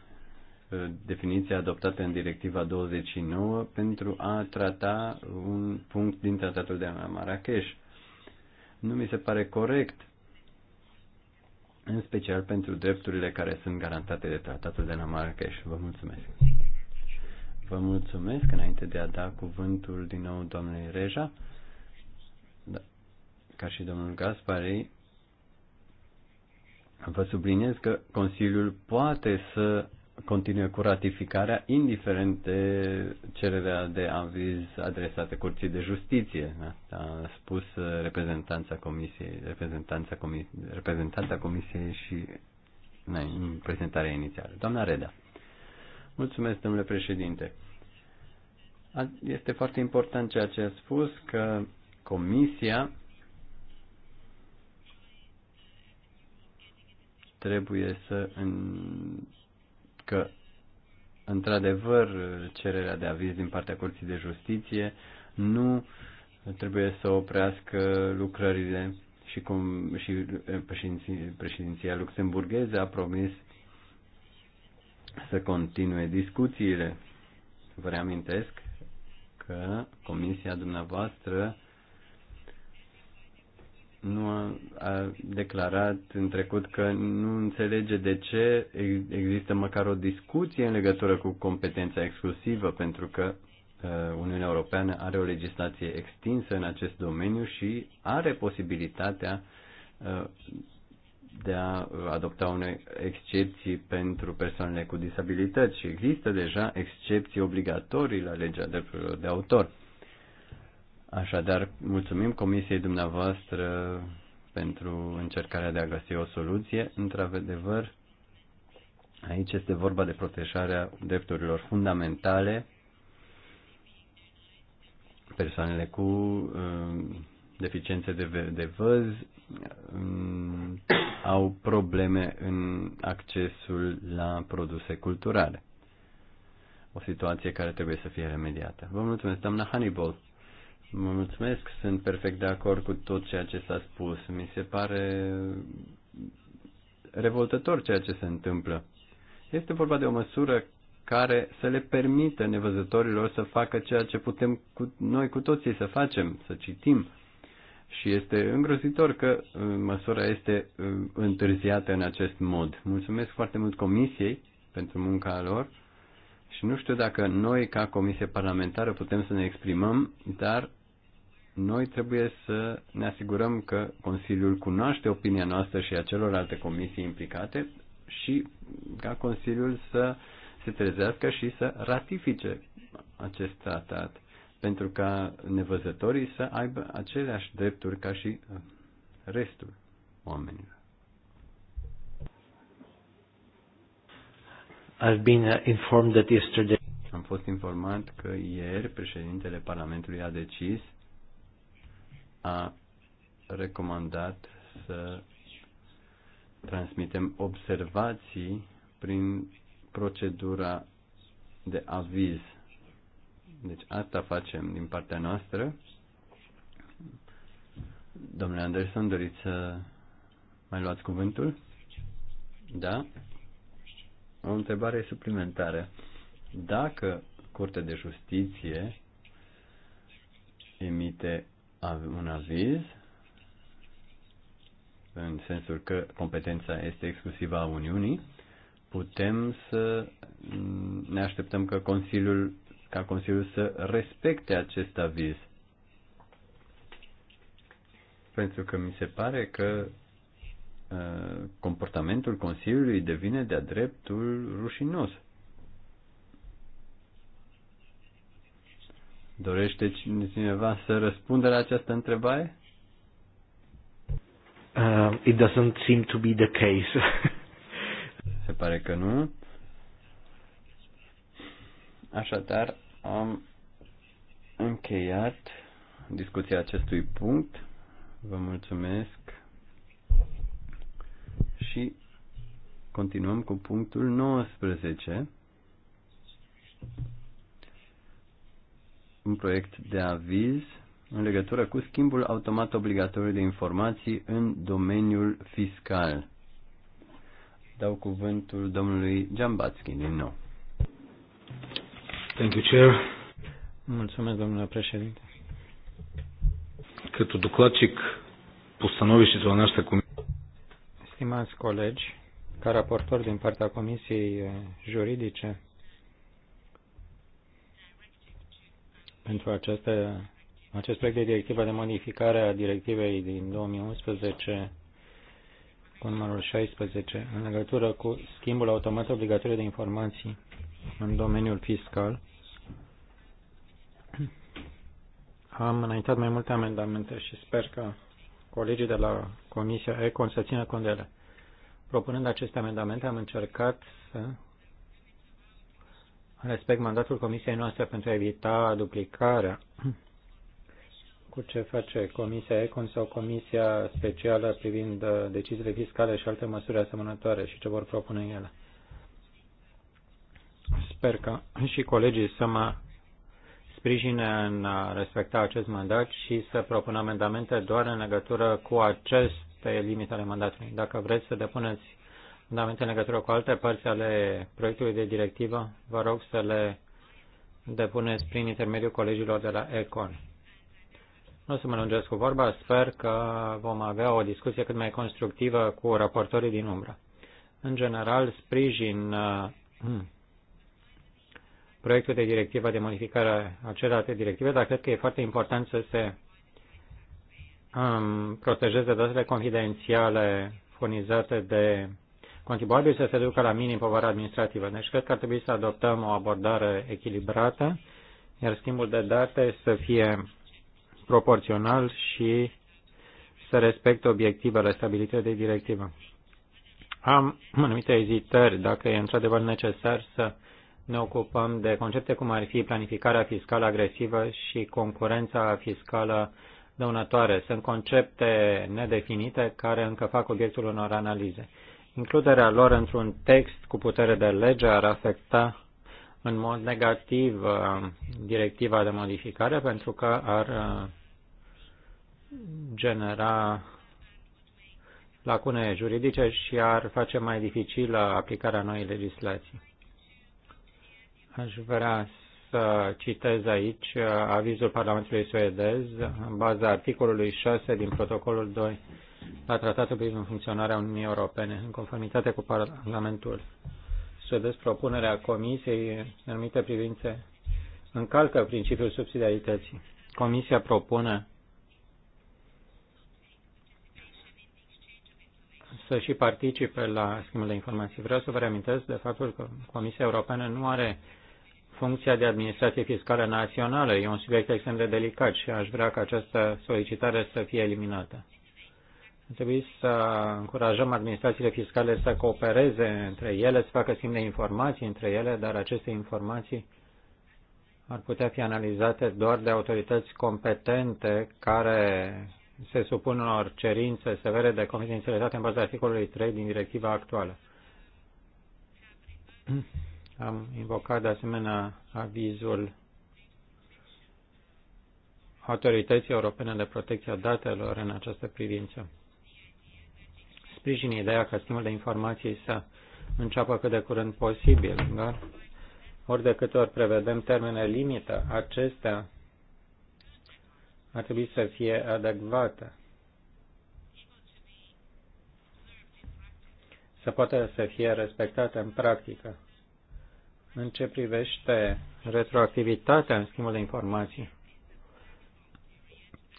uh, definiția adoptată în directiva 29 pentru a trata un punct din tratatul de la Marrakesh. Nu mi se pare corect, în special pentru drepturile care sunt garantate de tratatul de la Marrakesh. Vă mulțumesc. Vă mulțumesc înainte de a da cuvântul din nou domnului Reja, da, ca și domnul Gaspari, vă subliniez că Consiliul poate să continue cu ratificarea, indiferent de cererea de aviz adresată Curții de Justiție. Da? A spus reprezentanța Comisiei, reprezentanța, comis, reprezentanța Comisiei și în prezentarea inițială. Doamna Reda. Mulțumesc, domnule președinte. Este foarte important ceea ce a spus, că Comisia trebuie să în, că într-adevăr cererea de aviz din partea Curții de Justiție nu trebuie să oprească lucrările și cum și eh, președinția luxemburgheză a promis să continue discuțiile. Vă reamintesc că comisia dumneavoastră nu a, a declarat în trecut că nu înțelege de ce există măcar o discuție în legătură cu competența exclusivă, pentru că uh, Uniunea Europeană are o legislație extinsă în acest domeniu și are posibilitatea uh, de a adopta unei excepții pentru persoanele cu disabilități și există deja excepții obligatorii la legea drepturilor de autor. Așadar, mulțumim Comisiei dumneavoastră pentru încercarea de a găsi o soluție. Într-adevăr, aici este vorba de protejarea drepturilor fundamentale persoanele cu uh, deficiențe de, de văz um, au probleme în accesul la produse culturale. O situație care trebuie să fie remediată. Vă mulțumesc, doamna Hannibal. Mă mulțumesc, sunt perfect de acord cu tot ceea ce s-a spus. Mi se pare revoltător ceea ce se întâmplă. Este vorba de o măsură care să le permită nevăzătorilor să facă ceea ce putem cu noi cu toții să facem, să citim, și este îngrozitor că uh, măsura este uh, întârziată în acest mod. Mulțumesc foarte mult Comisiei pentru munca lor și nu știu dacă noi, ca Comisie Parlamentară, putem să ne exprimăm, dar noi trebuie să ne asigurăm că Consiliul cunoaște opinia noastră și a celorlalte comisii implicate și ca Consiliul să se trezească și să ratifice acest tratat pentru ca nevăzătorii să aibă aceleași drepturi ca și uh, restul oamenilor. I've been uh, informed that yesterday am fost informat că ieri președintele Parlamentului a decis, a recomandat să transmitem observații prin procedura de aviz deci asta facem din partea noastră. Domnule Anderson, doriți să mai luați cuvântul? Da? O întrebare suplimentară. Dacă Curtea de Justiție emite un aviz în sensul că competența este exclusivă a Uniunii, putem să ne așteptăm că Consiliul ca Consiliul să respecte acest aviz. Pentru că mi se pare că uh, comportamentul Consiliului devine de-a dreptul rușinos. Dorește cineva să răspundă la această întrebare? Uh, it doesn't seem to be the case. se pare că nu. Așadar, am încheiat discuția acestui punct. Vă mulțumesc și continuăm cu punctul 19. Un proiect de aviz în legătură cu schimbul automat obligatoriu de informații în domeniul fiscal. Dau cuvântul domnului Giambatski din nou. Thank you, Chair. Mulțumesc, domnule președinte. Като докладчик по становището на нашата комисия. Stimați colegi, ca raportor din partea Comisiei Juridice pentru aceste, acest proiect de directivă de modificare a directivei din 2011 cu numărul 16 în legătură cu schimbul automat obligatoriu de informații în domeniul fiscal. Am înaintat mai multe amendamente și sper că colegii de la Comisia Econ să țină cont de ele. Propunând aceste amendamente, am încercat să respect mandatul Comisiei noastre pentru a evita duplicarea cu ce face Comisia Econ sau Comisia Specială privind uh, deciziile fiscale și alte măsuri asemănătoare și ce vor propune ele. Sper că și colegii să mă sprijine în a respecta acest mandat și să propună amendamente doar în legătură cu aceste limite ale mandatului. Dacă vreți să depuneți amendamente în legătură cu alte părți ale proiectului de directivă, vă rog să le depuneți prin intermediul colegilor de la ECON. Nu o să mă lungesc cu vorba, sper că vom avea o discuție cât mai constructivă cu raportorii din umbră. În general, sprijin uh, proiectul de directivă de modificare a celelalte directive, dar cred că e foarte important să se um, protejeze datele confidențiale furnizate de contribuabil să se ducă la minim povara administrativă. Deci cred că ar trebui să adoptăm o abordare echilibrată, iar schimbul de date să fie proporțional și să respecte obiectivele stabilite de directivă. Am anumite ezitări dacă e într-adevăr necesar să ne ocupăm de concepte cum ar fi planificarea fiscală agresivă și concurența fiscală dăunătoare. Sunt concepte nedefinite care încă fac obiectul unor analize. Includerea lor într-un text cu putere de lege ar afecta în mod negativ uh, directiva de modificare pentru că ar uh, genera lacune juridice și ar face mai dificilă aplicarea noii legislații. Aș vrea să citez aici uh, avizul Parlamentului suedez în baza articolului 6 din protocolul 2 la Tratatul privind funcționarea Uniunii Europene, în conformitate cu Parlamentul suedez propunerea Comisiei în anumite privințe încalcă principiul subsidiarității. Comisia propune să și participe la schimbul de informații. Vreau să vă reamintesc de faptul că Comisia Europeană nu are funcția de administrație fiscală națională. E un subiect extrem de delicat și aș vrea ca această solicitare să fie eliminată. Trebuie să încurajăm administrațiile fiscale să coopereze între ele, să facă schimb de informații între ele, dar aceste informații ar putea fi analizate doar de autorități competente care se supun unor cerințe severe de confidențialitate în baza articolului 3 din directiva actuală. Am invocat de asemenea avizul Autorității Europene de Protecție a Datelor în această privință. Sprijin ideea ca schimbul de informații să înceapă cât de curând posibil, dar ori de câte ori prevedem termene limită, acestea ar trebui să fie adecvate. Să poată să fie respectate în practică. În ce privește retroactivitatea în schimbul de informații,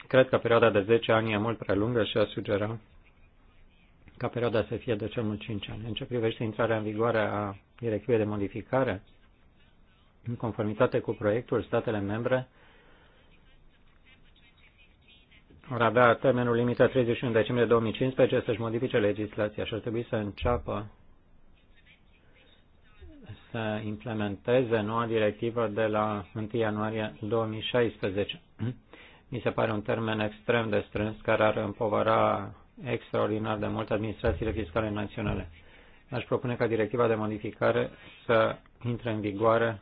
cred că perioada de 10 ani e mult prea lungă și a sugera ca perioada să fie de cel mult 5 ani. În ce privește intrarea în vigoare a directivei de modificare, în conformitate cu proiectul, statele membre vor avea termenul limită 31 decembrie 2015 să-și modifice legislația și ar trebui să înceapă să implementeze noua directivă de la 1 ianuarie 2016. Mi se pare un termen extrem de strâns care ar împovăra extraordinar de mult administrațiile fiscale naționale. Aș propune ca directiva de modificare să intre în vigoare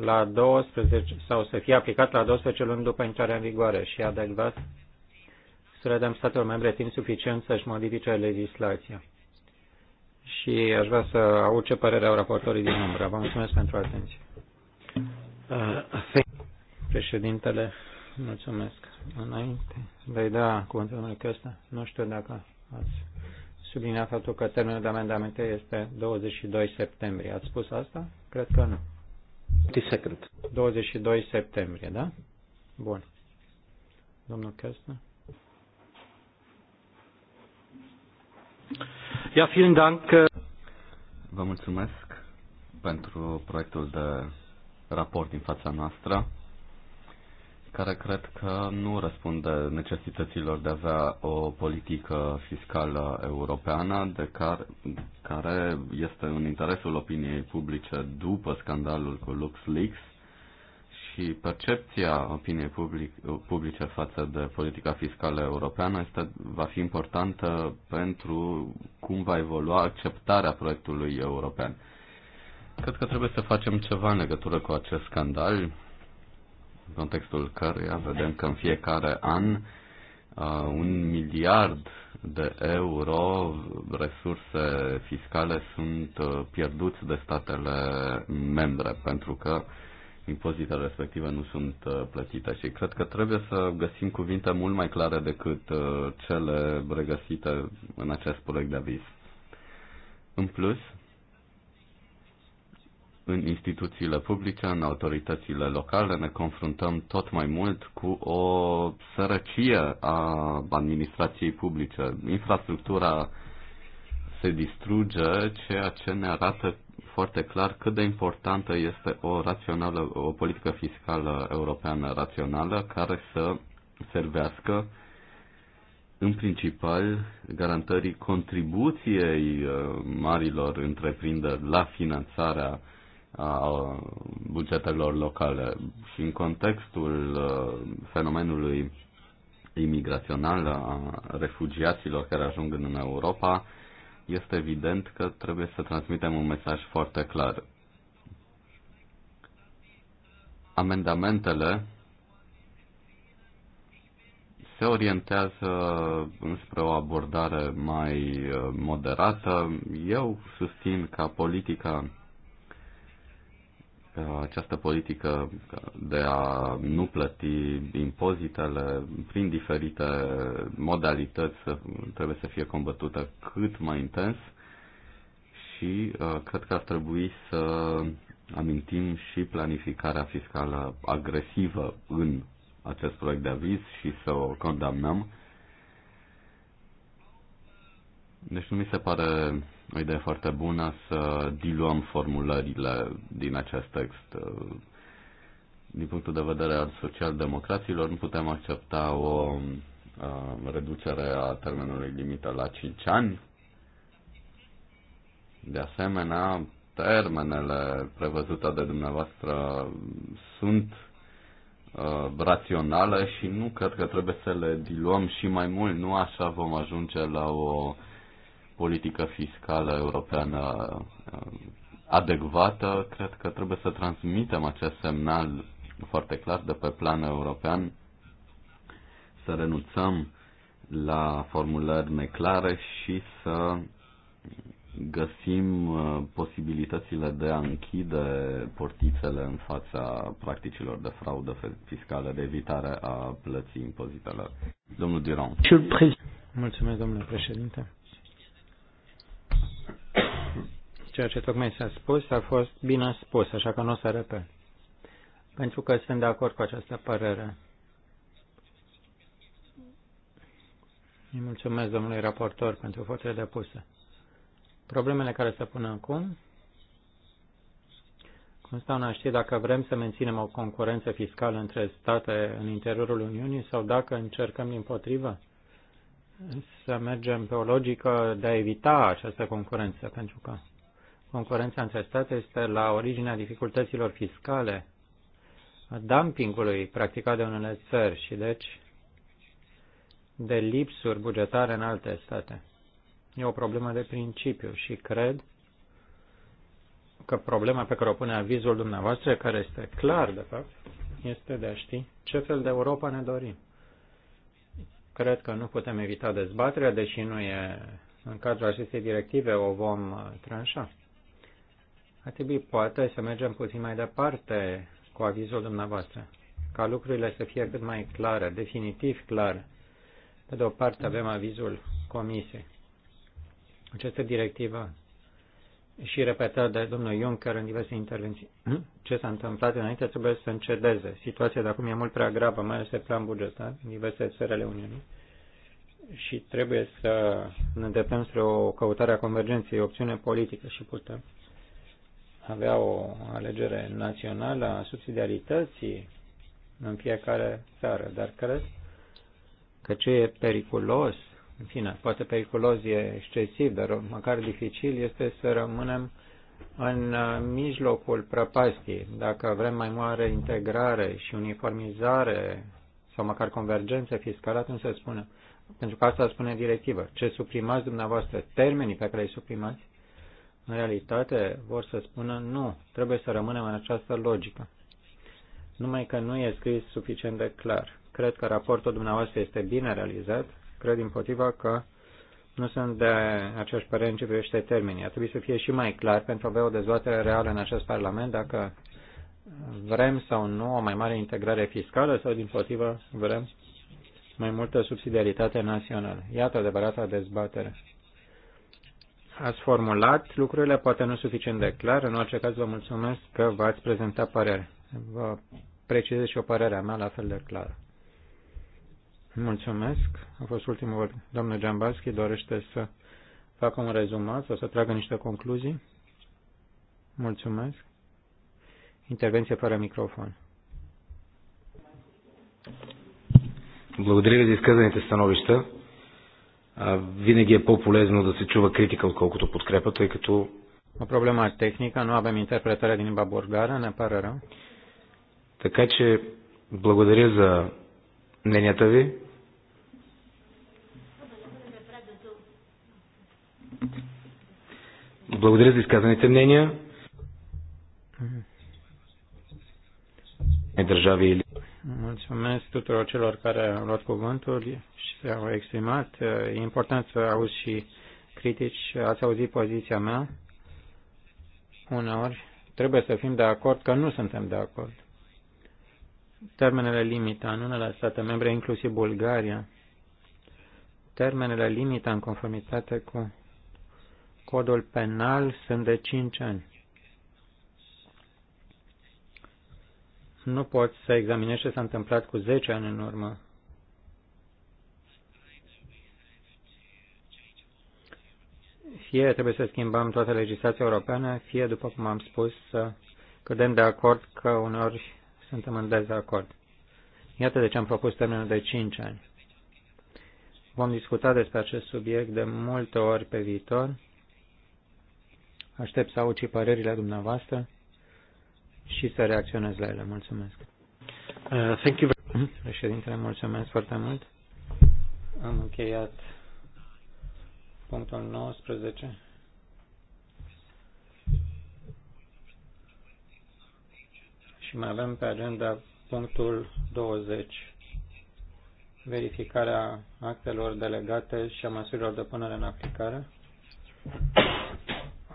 la 12 sau să fie aplicat la 12 luni după intrarea în vigoare și adecvat să redăm statelor membre timp suficient să-și modifice legislația și aș vrea să aud ce părere au raportorii din umbră. Vă mulțumesc pentru atenție. Uh, Președintele, mulțumesc. Înainte vei da cuvântul domnului căsta. nu știu dacă ați subliniat faptul că termenul de amendamente este 22 septembrie. Ați spus asta? Cred că nu. 22 septembrie, da? Bun. Domnul Căstă? Ja, vielen Dank. Äh, Vă mulțumesc pentru proiectul de raport din fața noastră, care cred că nu răspunde necesităților de a avea o politică fiscală europeană, de care, care este în interesul opiniei publice după scandalul cu LuxLeaks și percepția opiniei public, publice față de politica fiscală europeană este, va fi importantă pentru cum va evolua acceptarea proiectului european. Cred că trebuie să facem ceva în legătură cu acest scandal, în contextul căruia vedem că în fiecare an uh, un miliard de euro resurse fiscale sunt uh, pierduți de statele membre pentru că impozitele respective nu sunt uh, plătite și cred că trebuie să găsim cuvinte mult mai clare decât uh, cele regăsite în acest proiect de aviz. În plus, în instituțiile publice, în autoritățile locale, ne confruntăm tot mai mult cu o sărăcie a administrației publice. Infrastructura se distruge, ceea ce ne arată foarte clar cât de importantă este o, rațională, o politică fiscală europeană rațională care să servească în principal garantării contribuției uh, marilor întreprinderi la finanțarea a bugetelor locale și în contextul uh, fenomenului imigrațional a refugiaților care ajung în Europa, este evident că trebuie să transmitem un mesaj foarte clar. Amendamentele se orientează înspre o abordare mai eh, moderată. Eu susțin ca politica această politică de a nu plăti impozitele prin diferite modalități trebuie să fie combătută cât mai intens și uh, cred că ar trebui să amintim și planificarea fiscală agresivă în acest proiect de aviz și să o condamnăm deci nu mi se pare o idee foarte bună să diluăm formulările din acest text. Din punctul de vedere al socialdemocraților, nu putem accepta o reducere a termenului limită la 5 ani. De asemenea, termenele prevăzute de dumneavoastră sunt raționale și nu cred că trebuie să le diluăm și mai mult. Nu așa vom ajunge la o uh, politică fiscală europeană um, adecvată, cred că trebuie să transmitem acest semnal foarte clar de pe plan european, să renunțăm la formulări neclare și să găsim uh, posibilitățile de a închide portițele în fața practicilor de fraudă fiscală, de evitare a plății impozitelor. Domnul Diron. Mulțumesc, domnule președinte. Ceea ce tocmai s-a spus a fost bine spus, așa că nu o să repet. Pentru că sunt de acord cu această părere. Îi mulțumesc domnului raportor pentru eforturile depuse. Problemele care se pun acum stau în a ști dacă vrem să menținem o concurență fiscală între state în interiorul Uniunii sau dacă încercăm din potrivă să mergem pe o logică de a evita această concurență, pentru că Concurența între state este la originea dificultăților fiscale, a dumpingului practicat de unele țări și deci de lipsuri bugetare în alte state. E o problemă de principiu și cred că problema pe care o pune avizul dumneavoastră, care este clar, de fapt, este de a ști ce fel de Europa ne dorim. Cred că nu putem evita dezbaterea, deși nu e în cadrul acestei directive, o vom tranșa. Ar trebui poate să mergem puțin mai departe cu avizul dumneavoastră, ca lucrurile să fie cât mai clare, definitiv clare. Pe de o parte avem avizul comisiei. Această directivă și repetat de domnul Juncker în diverse intervenții. Ce s-a întâmplat înainte trebuie să încedeze. Situația de acum e mult prea gravă, mai ales pe plan bugetar, în diverse țări ale Uniunii. Și trebuie să ne îndreptăm spre o căutare a convergenței, opțiune politică și putem avea o alegere națională a subsidiarității în fiecare țară, dar cred că ce e periculos, în fine, poate periculos e excesiv, dar măcar dificil, este să rămânem în uh, mijlocul prăpastiei. Dacă vrem mai mare integrare și uniformizare sau măcar convergență fiscală, atunci să spunem, pentru că asta spune directivă, ce suprimați dumneavoastră, termenii pe care îi suprimați, în realitate vor să spună nu, trebuie să rămânem în această logică. Numai că nu e scris suficient de clar. Cred că raportul dumneavoastră este bine realizat, cred din potriva că nu sunt de aceeași părere în ce privește termenii. Ar trebui să fie și mai clar pentru a avea o dezbatere reală în acest Parlament dacă vrem sau nu o mai mare integrare fiscală sau din potrivă vrem mai multă subsidiaritate națională. Iată adevărata dezbatere ați formulat lucrurile, poate nu suficient de clar. În orice caz, vă mulțumesc că v-ați prezentat părere. Vă precizez și o părerea mea la fel de clară. Mulțumesc. A fost ultimul vorb. Domnul Giambaschi dorește să facă un rezumat sau să tragă niște concluzii. Mulțumesc. Intervenție fără microfon. Благодаря ви за изказаните становища винаги е по-полезно да се чува критика, отколкото подкрепа, тъй като... O problemă tehnică, nu avem interpretarea din limba bulgară, ne pare rău. Така че, благодаря за мненията ви. Благодаря за изказаните мнения. Не Държави или Mulțumesc tuturor celor care au luat cuvântul și s-au exprimat. E important să auzi și critici. Ați auzit poziția mea. Uneori trebuie să fim de acord că nu suntem de acord. Termenele limită în unele state membre, inclusiv Bulgaria, termenele limită în conformitate cu codul penal sunt de 5 ani. nu poți să examinezi ce s-a întâmplat cu 10 ani în urmă. Fie trebuie să schimbăm toată legislația europeană, fie, după cum am spus, să cădem de acord că uneori suntem în dezacord. Iată de ce am propus termenul de 5 ani. Vom discuta despre acest subiect de multe ori pe viitor. Aștept să aud și părerile dumneavoastră și să reacționez la ele. Mulțumesc. Uh, thank you very much. Președintele, mulțumesc foarte mult. Am încheiat punctul 19. Și mai avem pe agenda punctul 20. Verificarea actelor delegate și a măsurilor de punere în aplicare.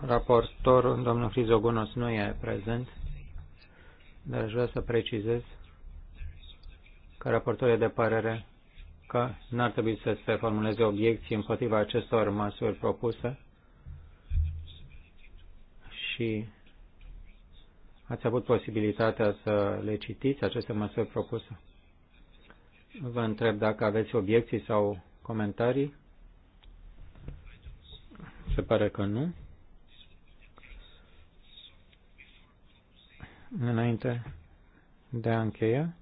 Raportorul, domnul Crizogonos, nu e prezent dar aș vrea să precizez că raportul e de părere că n-ar trebui să se formuleze obiecții împotriva acestor măsuri propuse și ați avut posibilitatea să le citiți aceste măsuri propuse. Vă întreb dacă aveți obiecții sau comentarii. Se pare că nu. înainte de a încheia.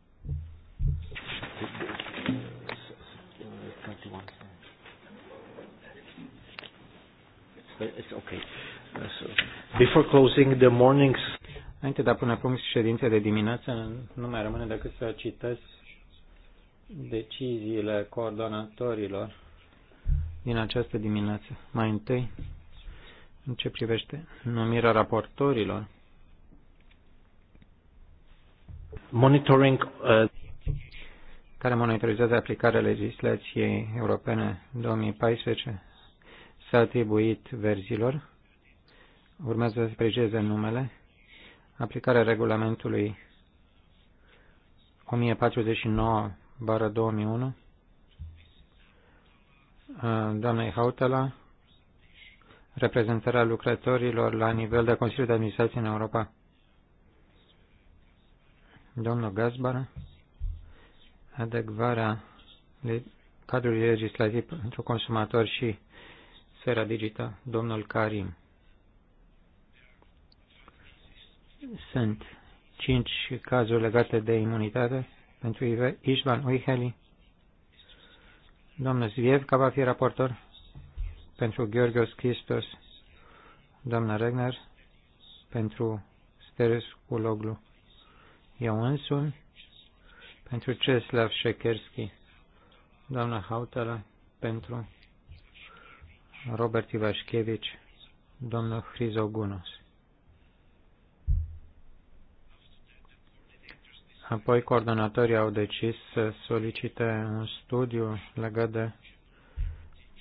It's okay. So, before closing the morning's... Înainte de a pune punct ședința de dimineață, nu mai rămâne decât să citesc deciziile coordonatorilor din această dimineață. Mai întâi, în ce privește numirea raportorilor, monitoring uh... care monitorizează aplicarea legislației europene 2014 s-a atribuit verzilor. Urmează să precizeze numele. Aplicarea regulamentului 1049 2001 uh, doamnei Hautala reprezentarea lucrătorilor la nivel de Consiliul de Administrație în Europa domnul Gazbar, adecvarea cadrului legislativ pentru consumator și sfera digitală, domnul Karim. Sunt cinci cazuri legate de imunitate pentru Ișvan Uiheli, domnul Zviev, ca va fi raportor, pentru Gheorgheos Christos, doamna Regner, pentru Steres Uloglu eu însumi, pentru Ceslav Șecherski, doamna Hautala, pentru Robert Ivașchevici, domnul Hrizogunos. Apoi coordonatorii au decis să solicite un studiu legat de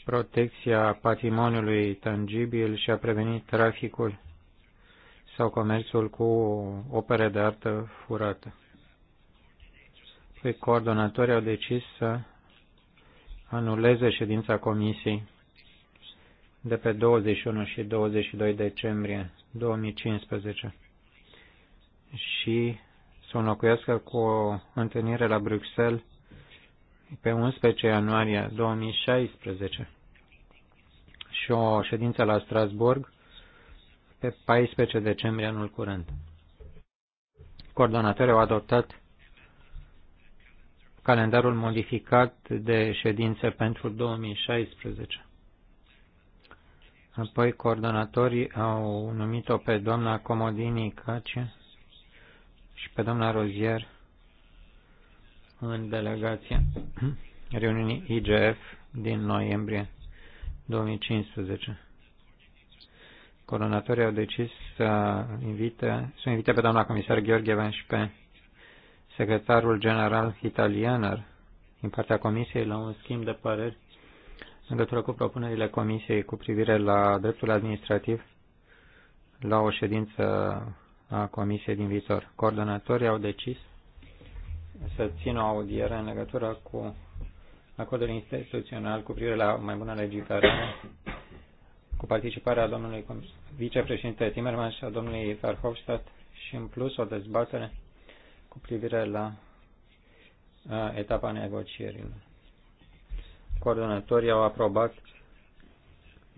protecția patrimoniului tangibil și a prevenit traficul sau comerțul cu opere de artă furată. Păi coordonatorii au decis să anuleze ședința comisiei de pe 21 și 22 decembrie 2015 și să o înlocuiască cu o întâlnire la Bruxelles pe 11 ianuarie 2016 și o ședință la Strasburg pe 14 decembrie anul curent. Coordonatorii au adoptat calendarul modificat de ședințe pentru 2016. Apoi coordonatorii au numit-o pe doamna Comodini Cace și pe doamna Rozier în delegația reuniunii IGF din noiembrie 2015 coordonatorii au decis să invite, să invite pe doamna comisar Gheorgheva și pe secretarul general italianer din partea comisiei la un schimb de păreri în legătură cu propunerile comisiei cu privire la dreptul administrativ la o ședință a comisiei din viitor. Coordonatorii au decis să țină o audiere în legătură cu acordul instituțional cu privire la mai bună legiferare cu participarea domnului vicepreședinte Timmermans și a domnului Verhofstadt și în plus o dezbatere cu privire la etapa negocierilor. Coordonatorii au aprobat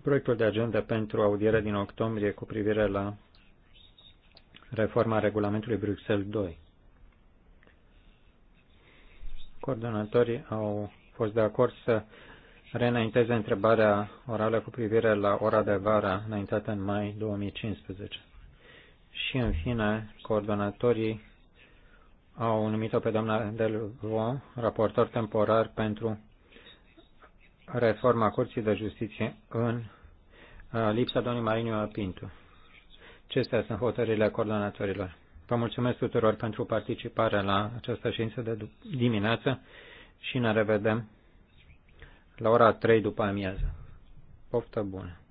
proiectul de agenda pentru audiere din octombrie cu privire la reforma regulamentului Bruxelles 2. Coordonatorii au fost de acord să reînainteze întrebarea orală cu privire la ora de vară înaintată în mai 2015. Și, în fine, coordonatorii au numit-o pe doamna Delvo, raportor temporar pentru reforma Curții de Justiție în uh, lipsa domnului Mariniu Pintu. Acestea sunt hotărârile coordonatorilor. Vă mulțumesc tuturor pentru participare la această ședință de dimineață și ne revedem la ora 3 după amiază. Poftă bună!